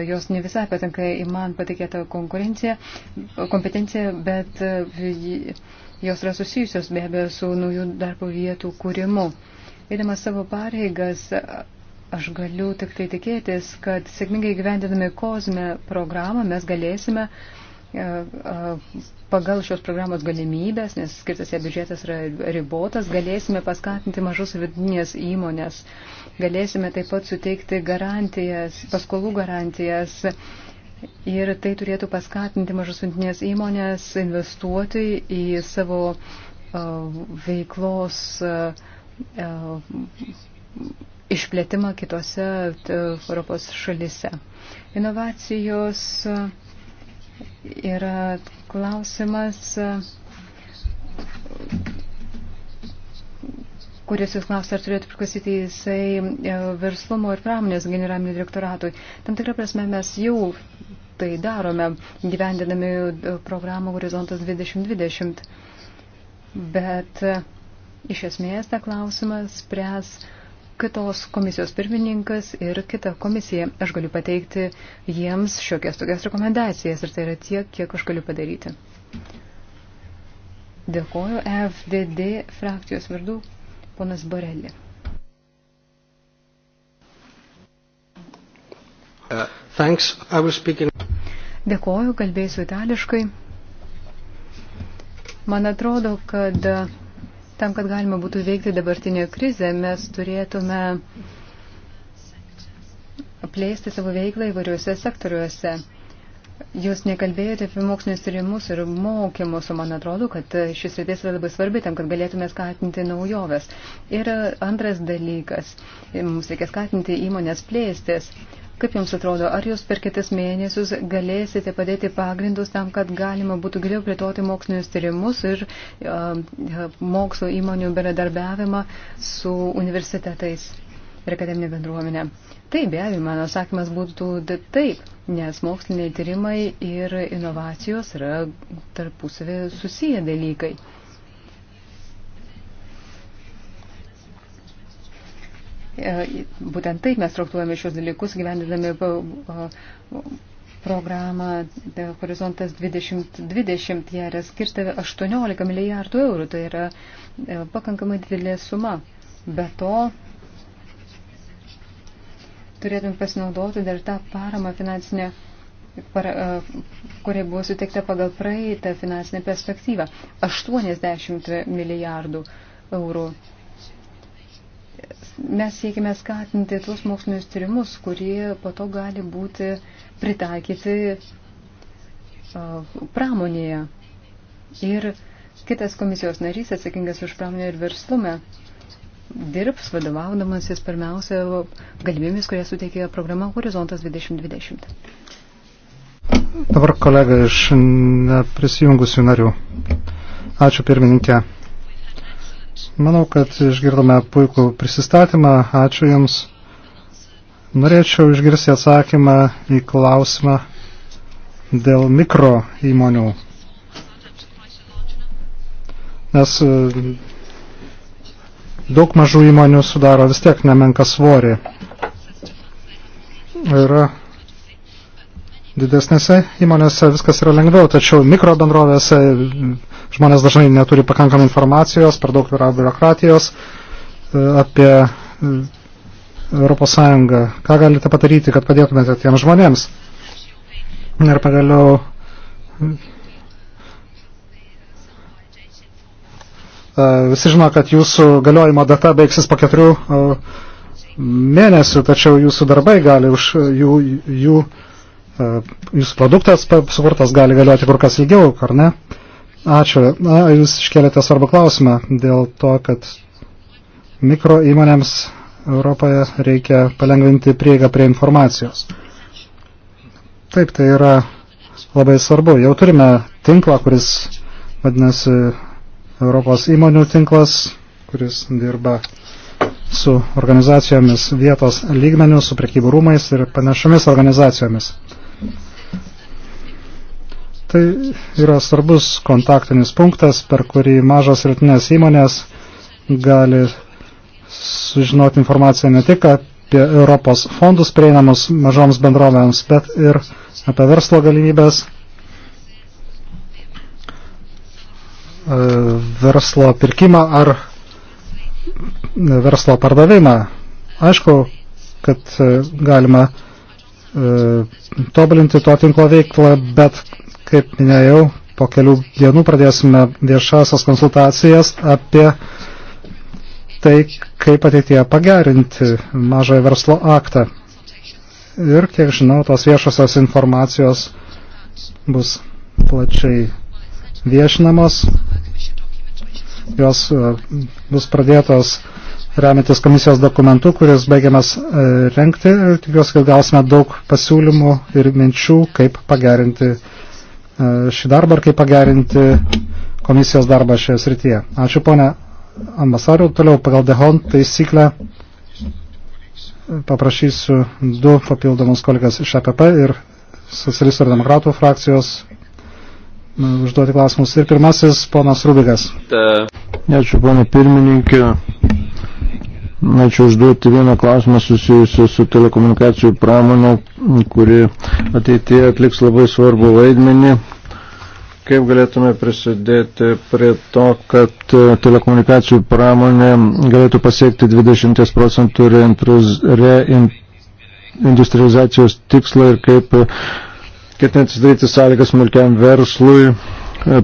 jos ne visai patenka į man patikėtą kompetenciją, bet e, jos yra susijusios be abejo su naujų darbo vietų kūrimu. Eidamas savo pareigas, aš galiu tik tai tikėtis, kad sėkmingai gyvendinami kozmę programą mes galėsime e, e, pagal šios programos galimybės, nes skirtas ją biudžetas yra ribotas, galėsime paskatinti mažus vidinės įmonės, galėsime taip pat suteikti garantijas, paskolų garantijas ir tai turėtų paskatinti mažus vidinės įmonės investuoti į savo e, veiklos uh, E, išplėtimą kitose e, Europos šalise. Inovacijos e, yra klausimas, kuris jūs klausite, ar turėtų priklausyti jisai verslumo ir pramonės generalinių direktoratui. Tam tikrą prasme mes jau tai darome, gyvendinami programą Horizontas 2020. Bet Iš esmės tą klausimą spręs kitos komisijos pirmininkas ir kita komisija. Aš galiu pateikti jiems šiokias tokias rekomendacijas ir tai yra tiek, kiek aš galiu padaryti. Dėkoju FDD frakcijos vardu, ponas Borelė.
Uh, thanks. I will speak in...
Dėkoju, kalbėsiu itališkai. Man atrodo, kad Tam, kad galima būtų veikti dabartinę krizę, mes turėtume plėsti savo veiklą įvairiuose sektoriuose. Jūs nekalbėjote apie mokslinius tyrimus ir mokymus, o man atrodo, kad šis rytis yra labai svarbi tam, kad galėtume skatinti naujoves. Ir antras dalykas, mums reikia skatinti įmonės plėstis. Kaip Jums atrodo, ar Jūs per kitas mėnesius galėsite padėti pagrindus tam, kad galima būtų giliau plėtoti mokslinius tyrimus ir uh, mokslo įmonių bendradarbiavimą su universitetais ir akademinė bendruomenė? Taip, be abejo, mano sakymas būtų taip, nes moksliniai tyrimai ir inovacijos yra tarpusavė susiję dalykai. E, būtent taip mes traktuojame šios dalykus, gyvendinami e, programą tai Horizontas 2020, jie yra skirta 18 milijardų eurų, tai yra e, pakankamai didelė suma. Be to, turėtum pasinaudoti dar tą paramą finansinę, kurie buvo suteikta pagal praeitą finansinę perspektyvą - 80 milijardų eurų mes siekime skatinti tuos mokslinius tyrimus, kurie po to gali būti pritaikyti pramonėje. Ir kitas komisijos narys, atsakingas už pramonę ir verslumą, dirbs vadovaudamasis pirmiausia galimybėmis, kurias suteikė programa Horizontas 2020.
Dabar kolega iš prisijungusių narių. Ačiū pirmininkė. Manau, kad išgirdome puikų prisistatymą. Ačiū Jums. Norėčiau išgirsti atsakymą į klausimą dėl mikro įmonių. Nes e, daug mažų įmonių sudaro vis tiek nemenka svorį. Yra Didesnėse įmonėse viskas yra lengviau, tačiau mikro bendrovėse žmonės dažnai neturi pakankamai informacijos, per daug yra biurokratijos e, apie e, Europos Sąjungą. Ką galite padaryti, kad padėtumėte tiems žmonėms? Ir pagaliau e, visi žino, kad jūsų galiojimo data baigsis po keturių mėnesių, tačiau jūsų darbai gali už jų, jų jūsų produktas sukurtas gali galioti kur kas ilgiau, ar ne? Ačiū. Na, jūs iškėlėte svarbų klausimą dėl to, kad mikro įmonėms Europoje reikia palengvinti prieigą prie informacijos. Taip, tai yra labai svarbu. Jau turime tinklą, kuris vadinasi Europos įmonių tinklas, kuris dirba su organizacijomis vietos lygmenių, su prekybų rūmais ir panašiomis organizacijomis. Tai yra svarbus kontaktinis punktas, per kurį mažos ir tinės įmonės gali sužinoti informaciją ne tik apie Europos fondus prieinamus mažoms bendrovėms, bet ir apie verslo galimybės, e, verslo pirkimą ar verslo pardavimą. Aišku, kad galima e, tobulinti to tinklo veiklą, bet Kaip minėjau, po kelių dienų pradėsime viešasias konsultacijas apie tai, kaip ateityje pagerinti mažojo verslo aktą. Ir, kiek žinau, tos viešosios informacijos bus plačiai viešinamos. Jos e, bus pradėtos remiantis komisijos dokumentu, kuris baigiamas e, renkti. Tikiuosi, kad gausime daug pasiūlymų ir minčių, kaip pagerinti E, šį darbą ir kaip pagerinti komisijos darbą šioje srityje. Ačiū ponė ambasariu. Toliau pagal Dehon taisyklę e, paprašysiu du papildomus kolegas iš APP ir socialistų ir demokratų frakcijos e, užduoti klausimus. Ir pirmasis ponas Rubikas.
Ačiū ponė pirmininkė. Ačiū užduoti vieną klausimą susijusiu su telekomunikacijų pramonė, kuri ateityje atliks labai svarbu vaidmenį. Kaip galėtume prisidėti prie to, kad e, telekomunikacijų pramonė galėtų pasiekti 20 procentų reindustrializacijos tikslą ir kaip e, ketinti sudaryti sąlygas smulkiam verslui e,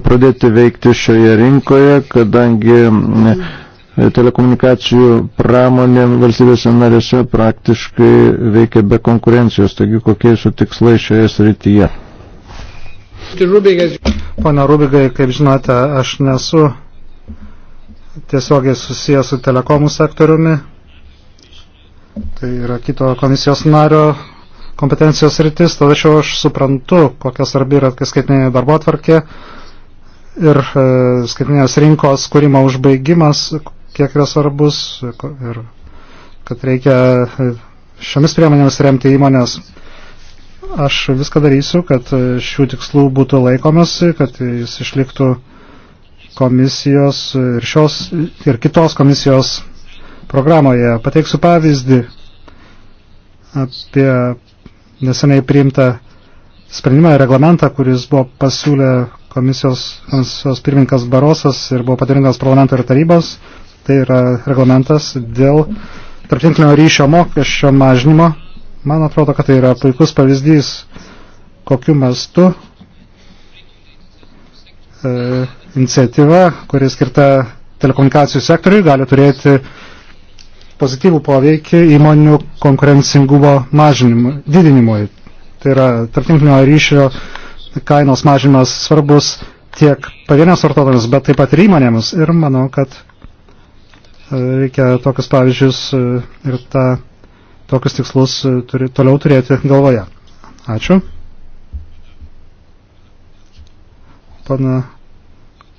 pradėti veikti šioje rinkoje, kadangi mm telekomunikacijų pramonė valstybėse narėse praktiškai veikia be konkurencijos. Taigi kokie jūsų tikslai šioje srityje?
Pana Rubigai, kaip žinote, aš nesu tiesiogiai susijęs su telekomų sektoriumi. Tai yra kito komisijos nario kompetencijos rytis, tačiau aš suprantu, kokia svarbi yra skaitinė darbo atvarkė ir e, skaitinės rinkos kūrimo užbaigimas, kiek yra svarbus ir kad reikia šiomis priemonėmis remti įmonės. Aš viską darysiu, kad šių tikslų būtų laikomasi, kad jis išliktų komisijos ir šios ir kitos komisijos programoje. Pateiksiu pavyzdį apie neseniai priimtą sprendimą ir reglamentą, kuris buvo pasiūlę komisijos, komisijos pirmininkas Barosas ir buvo patvirtintas parlamento ir tarybos Tai yra reglamentas dėl tarptinklinio ryšio mokesčio mažinimo. Man atrodo, kad tai yra puikus pavyzdys, kokiu mastu e, iniciatyva, kuri skirta telekomunikacijų sektoriui, gali turėti pozityvų poveikį įmonių konkurencingumo mažinimui, didinimui. Tai yra tarptinklinio ryšio kainos mažinimas svarbus tiek pavieniams vartotojams, bet taip pat ir įmonėms. Ir manau, kad reikia tokius pavyzdžius e, ir tą, tokius tikslus e, turi, toliau turėti galvoje. Ačiū. Pana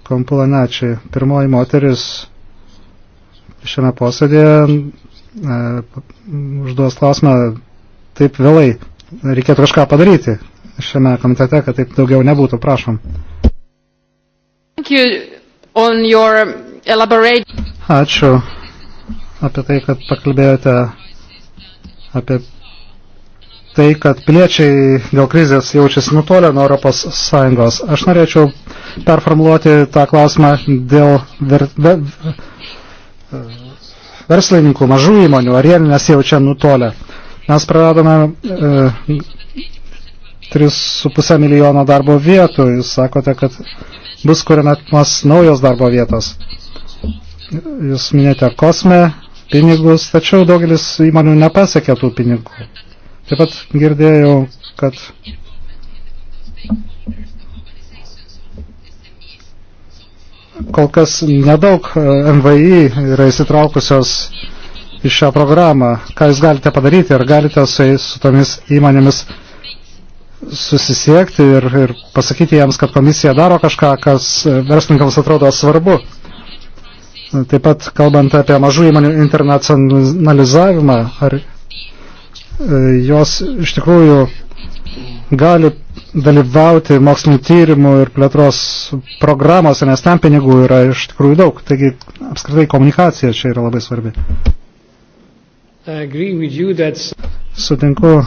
Kompulanačiai, pirmoji moteris šiame posėdėje e, užduos klausimą taip vėlai. Reikėtų kažką padaryti šiame komitete, kad taip daugiau nebūtų. Prašom.
Thank you on your elaborate.
Ačiū apie tai, kad pakalbėjote apie tai, kad piliečiai dėl krizės jaučiasi nutolę nuo Europos Sąjungos. Aš norėčiau performuluoti tą klausimą dėl ver, ver, verslininkų, mažų įmonių, ar jie nesijaučia nutolę. Mes praradome e, 3,5 milijono darbo vietų, jūs sakote, kad bus kuriamas naujos darbo vietos. Jūs minėjote kosme, pinigus, tačiau daugelis įmonių nepasiekia tų pinigų. Taip pat girdėjau, kad kol kas nedaug e, MVI yra įsitraukusios į šią programą. Ką jūs galite padaryti ir galite su, su tomis įmonėmis susisiekti ir, ir pasakyti jiems, kad komisija daro kažką, kas verslininkams atrodo svarbu. Taip pat kalbant apie mažų įmonių internacionalizavimą, ar e, jos iš tikrųjų gali dalyvauti mokslinių tyrimų ir plėtros programose, nes ten pinigų yra iš tikrųjų daug. Taigi apskritai komunikacija čia yra labai svarbi. Sutinku,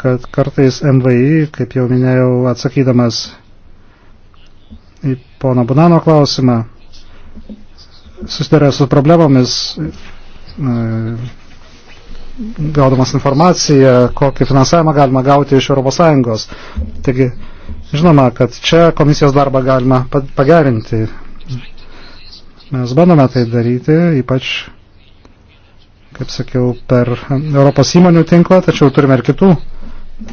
kad kartais MVI, kaip jau minėjau, atsakydamas į pono Bunano klausimą, susiduria su problemomis, e, gaudamas informaciją, kokį finansavimą galima gauti iš ES. Taigi, žinoma, kad čia komisijos darbą galima pagerinti. Mes bandome tai daryti, ypač, kaip sakiau, per Europos įmonių tinklą, tačiau turime ir kitų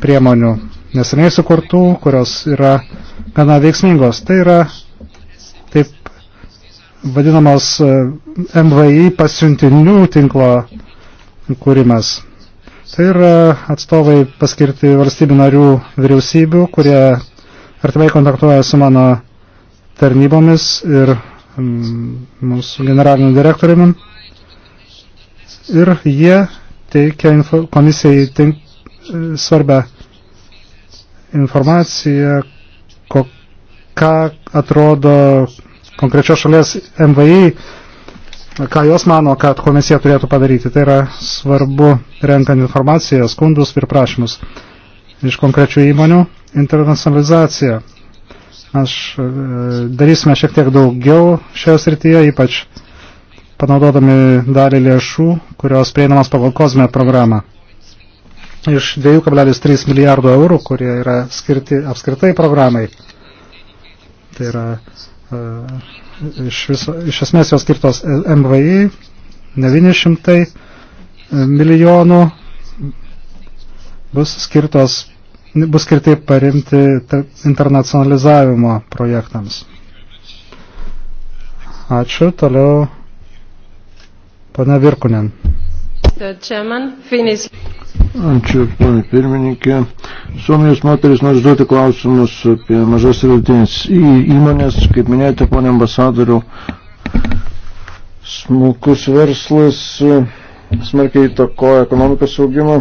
priemonių neseniai sukurtų, kurios yra gana veiksmingos. Tai yra taip vadinamos MVI e, pasiuntinių tinklo kūrimas. Tai yra atstovai paskirti valstybių narių vyriausybių, kurie artimai kontaktuoja su mano tarnybomis ir mūsų generaliniu direktoriumi. Ir jie teikia info, komisijai tink, e, svarbę informaciją, ko, ką atrodo konkrečios šalies MVI, ką jos mano, kad komisija turėtų padaryti. Tai yra svarbu renkant informaciją, skundus ir prašymus iš konkrečių įmonių internacionalizacija. Aš e, darysime šiek tiek daugiau šioje srityje, ypač panaudodami dalį lėšų, kurios prieinamas pagal kozmę programą. Iš 2,3 milijardo eurų, kurie yra skirti apskritai programai. Tai yra e, Iš, viso, iš esmės jos skirtos MVI, 900 e, milijonų bus skirtos bus skirti parimti internacionalizavimo projektams. Ačiū, toliau
pana Virkunen.
Ačiū,
panai pirmininkė. Suomijos moteris nori užduoti klausimus apie mažas ir vidutinės įmonės, kaip minėjote, ponė ambasadorių, smulkus verslas smarkiai įtakoja ekonomikos augimą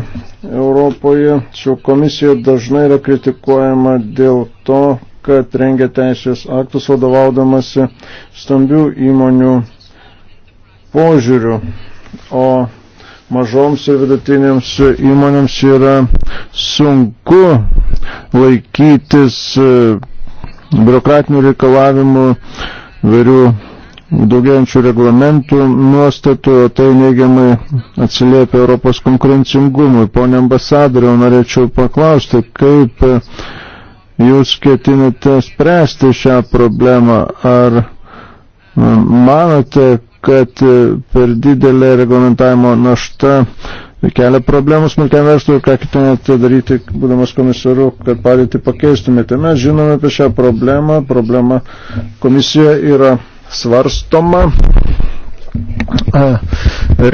Europoje. Šio komisija dažnai yra kritikuojama dėl to, kad rengia teisės aktus vadovaudamasi stambių įmonių požiūrių, o mažoms ir vidutinėms įmonėms yra sunku laikytis e, biurokratinių reikalavimų, vairių daugėjančių reglamentų nuostatų, tai neigiamai atsiliepia Europos konkurencingumui. Pone ambasadoriau, norėčiau paklausti, kaip e, jūs ketinate spręsti šią problemą? Ar e, manote, kad e, per didelė reglamentavimo našta kelia problemų smulkiam verslui ir ką ketinate daryti, būdamas komisaru, kad padėtį pakeistumėte. Mes žinome apie šią problemą, problema komisija yra svarstoma e,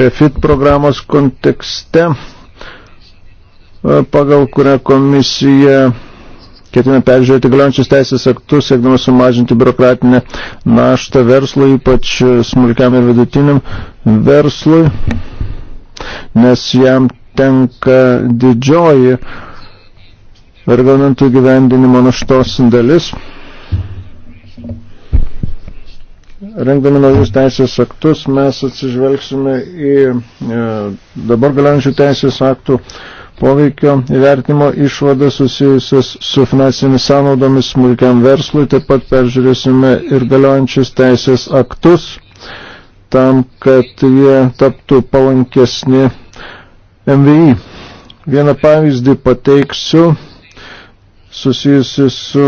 refit programos kontekste, e, pagal kurią komisija ketina peržiūrėti galiojančius teisės aktus, siekdama sumažinti biurokratinę naštą verslui, ypač smulkiam ir vidutiniam verslui, nes jam tenka didžioji reglamentų gyvendinimo naštos dalis. Rengdami naujus teisės aktus mes atsižvelgsime į e, dabar galiojančių teisės aktų e, poveikio įvertimo išvadas susijusias su finansinėmis sąnaudomis smulkiam verslui, taip pat peržiūrėsime ir galiojančius teisės aktus tam, kad jie taptų palankesni MVI. Vieną pavyzdį pateiksiu susijusi su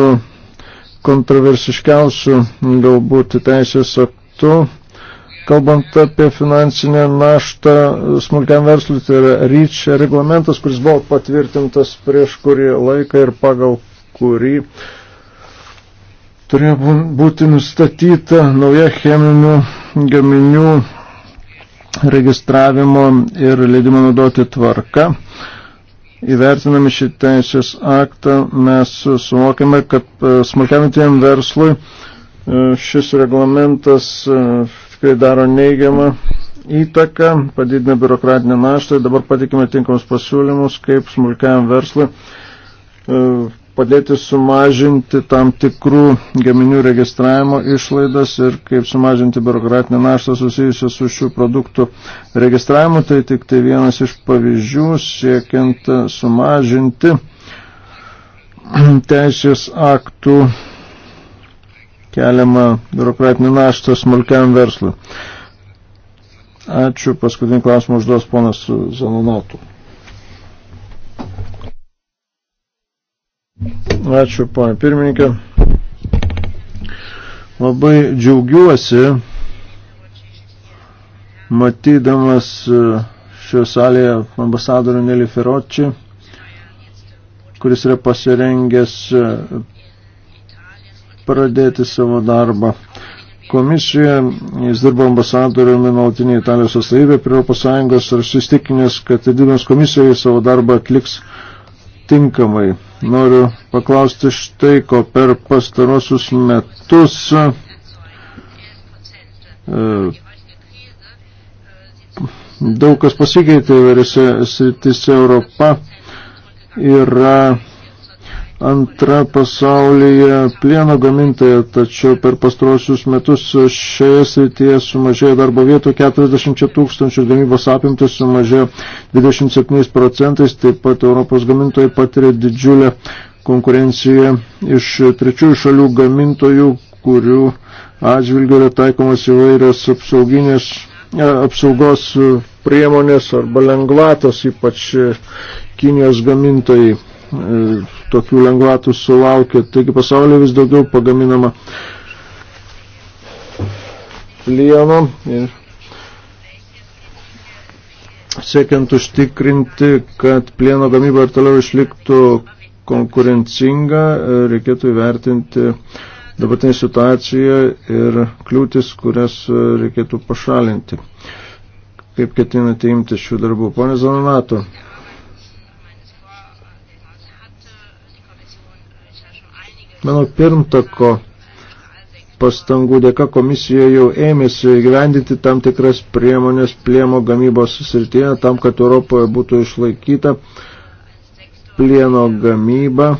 kontroversiškiausiu galbūt teisės aktu Kalbant apie finansinę naštą smulkiam verslui, tai yra REACH reglamentas, kuris buvo patvirtintas prieš kurį laiką ir pagal kurį turėjo būti nustatyta nauja cheminių gaminių registravimo ir leidimo naudoti tvarka. Įvertinami šį teisės aktą mes suvokiame, kad e, smulkiam verslui e, šis reglamentas e, tikrai daro neigiamą įtaką, padidina biurokratinę naštą ir dabar patikime tinkamus pasiūlymus, kaip smulkiam verslui e, padėti sumažinti tam tikrų gaminių registravimo išlaidas ir kaip sumažinti biurokratinę naštą susijusią su šių produktų registravimu. Tai tik tai vienas iš pavyzdžių siekiant sumažinti teisės aktų keliamą biurokratinį naštą smulkiam verslui. Ačiū. Paskutinį klausimą užduos ponas Zanonatų. Ačiū, ponė pirmininkė. Labai džiaugiuosi, matydamas e, šioje salėje ambasadorių Nelį Feročį, kuris yra pasirengęs e, pradėti savo darbą. Komisijoje jis dirbo ambasadoriumi nuolatinį Italijos atstovybę prie Europos Sąjungos ir susitikinęs, kad dirbams komisijoje savo darbą atliks tinkamai. Noriu paklausti štai, ko per pastarosius metus e, daug kas pasikeitė įvairiose sritise Europa yra antra pasaulyje plieno gamintoje, tačiau per pastrosius metus šioje srityje sumažėjo darbo vietų 40 tūkstančių, gamybos apimtis sumažėjo 27 procentais, taip pat Europos gamintojai patiria didžiulę konkurenciją iš trečiųjų šalių gamintojų, kurių atžvilgių yra taikomas įvairios apsauginės e, apsaugos priemonės arba lengvatos, ypač Kinijos gamintojai. E, tokių lengvatų sulaukia. Taigi pasaulyje vis daugiau pagaminama plieno ir siekiant užtikrinti, kad plieno gamyba ir toliau išliktų konkurencinga, e, reikėtų įvertinti dabartinį situaciją ir kliūtis, kurias e, reikėtų pašalinti. Kaip ketinate imti šių darbų? Pone Zananato. mano pirmtako pastangų dėka komisija jau ėmėsi gyvendinti tam tikras priemonės plieno gamybos srityje tam, kad Europoje būtų išlaikyta plieno gamyba,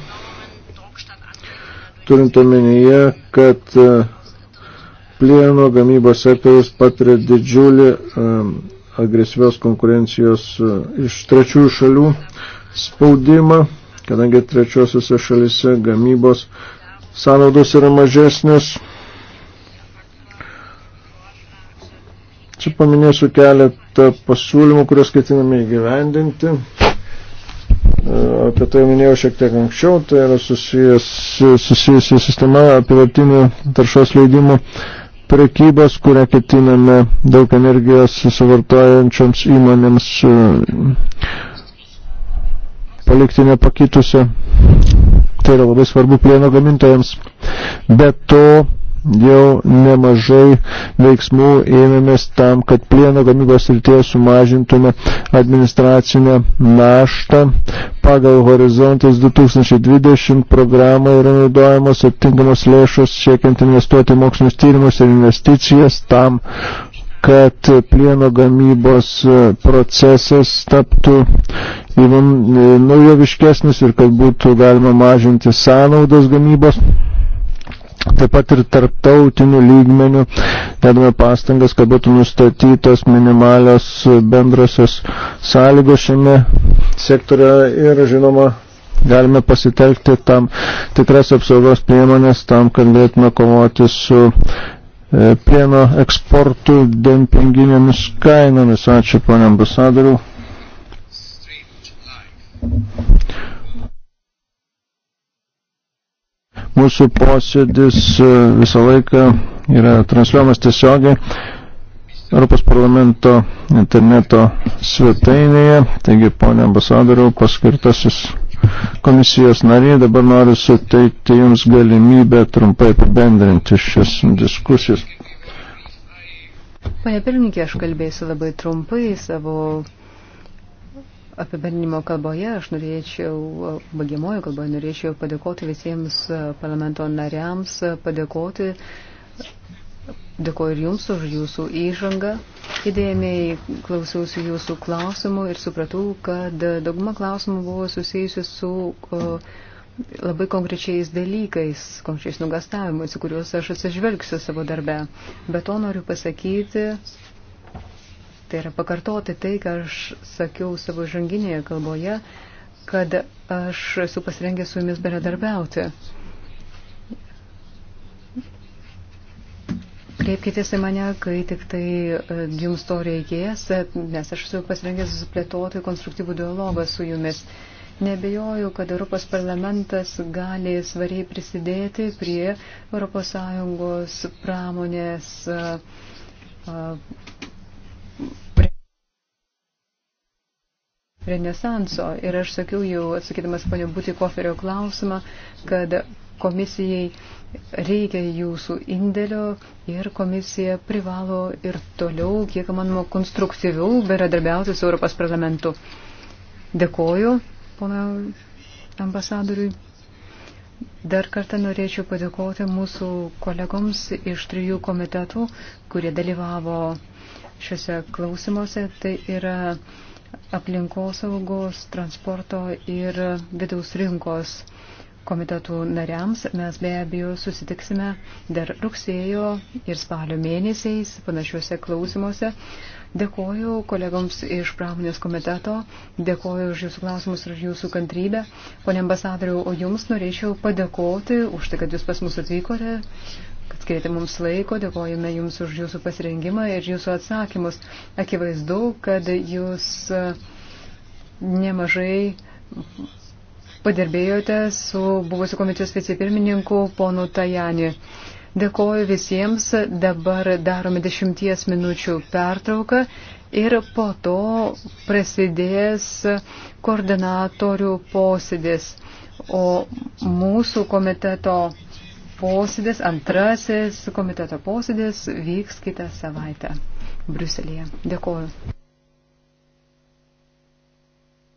turint omenyje, kad e, plieno gamybos sektorius patiria didžiulį e, agresyvios konkurencijos e, iš trečiųjų šalių spaudimą kadangi trečiosiuose šalise gamybos sąnaudos yra mažesnės. Čia paminėsiu keletą pasiūlymų, kuriuos ketiname įgyvendinti. E, apie tai minėjau šiek tiek anksčiau, tai yra susijusi susijus sistema apivartinių taršos leidimų prekybos, kurią ketiname daug energijos suvartojančioms įmonėms e, palikti nepakitusią. Tai yra labai svarbu plieno gamintojams. Bet to jau nemažai veiksmų ėmėmės tam, kad plieno gamybos rytėje sumažintume administracinę naštą. Pagal Horizontas 2020 programą yra naudojamos atitinkamos lėšos siekiant investuoti mokslinius tyrimus ir investicijas tam, kad plieno gamybos procesas taptų naujoviškesnis ir kad būtų galima mažinti sąnaudas gamybos. Taip pat ir tarptautinių lygmenių dedame pastangas, kad būtų nustatytos minimalios bendrosios sąlygos šiame sektorioje ir žinoma galime pasitelkti tam tikras apsaugos priemonės tam, kad galėtume kovoti su E, pieno eksportų dempinginėmis kainomis. Ačiū, ponė ambasadoriu. Mūsų posėdis e, visą laiką yra transliuomas tiesiogiai Europos parlamento interneto svetainėje. Taigi, ponė ambasadoriu, paskirtasis komisijos nariai. Dabar noriu suteikti Jums galimybę trumpai apibendrinti šias diskusijas.
Pane pirmininkė, aš kalbėsiu labai trumpai savo apibendinimo kalboje. Aš norėčiau, bagiamojo kalboje norėčiau padėkoti visiems parlamento nariams, padėkoti uh, Dėkuoju ir Jums už Jūsų įžangą. Įdėmiai klausiausi Jūsų klausimų ir supratau, kad dauguma klausimų buvo susijusi su o, labai konkrečiais dalykais, konkrečiais nugastavimais, į kuriuos aš atsižvelgsiu savo darbe. Bet to noriu pasakyti, tai yra pakartoti tai, ką aš sakiau savo žanginėje kalboje, kad aš esu pasirengęs su Jumis bendradarbiauti. Kreipkitės į mane, kai tik tai e, jums to reikės, nes aš esu pasirengęs plėtoti konstruktyvų dialogą su jumis. Nebejoju, kad Europos parlamentas gali svariai prisidėti prie ES pramonės e, e, renesanso. Ir aš sakiau jau, atsakydamas ponio būti koferio klausimą, kad komisijai reikia jūsų indėlio ir komisija privalo ir toliau, kiek manoma, konstruktyviau beradarbiauti su Europos parlamentu. Dėkoju, pono ambasadoriui. Dar kartą norėčiau padėkoti mūsų kolegoms iš trijų komitetų, kurie dalyvavo šiuose klausimuose. Tai yra aplinkosaugos, transporto ir vidaus rinkos komitetų nariams mes be abejo susitiksime dar rugsėjo ir spalio mėnesiais panašiuose klausimuose. Dėkoju kolegoms iš pramonės komiteto, dėkoju už jūsų klausimus ir jūsų kantrybę. Pone ambasadoriu, o jums norėčiau padėkoti už tai, kad jūs pas mus atvykote, kad skirėte mums laiko, dėkojame jums už jūsų pasirengimą ir jūsų atsakymus. Akivaizdu, kad jūs nemažai padirbėjote su buvusiu komisijos vicepirmininku ponu Tajani. Dėkoju visiems, dabar darome dešimties minučių pertrauką ir po to prasidės koordinatorių posėdis. O mūsų komiteto posėdis, antrasis komiteto posėdis vyks kitą savaitę Bruselėje. Dėkoju.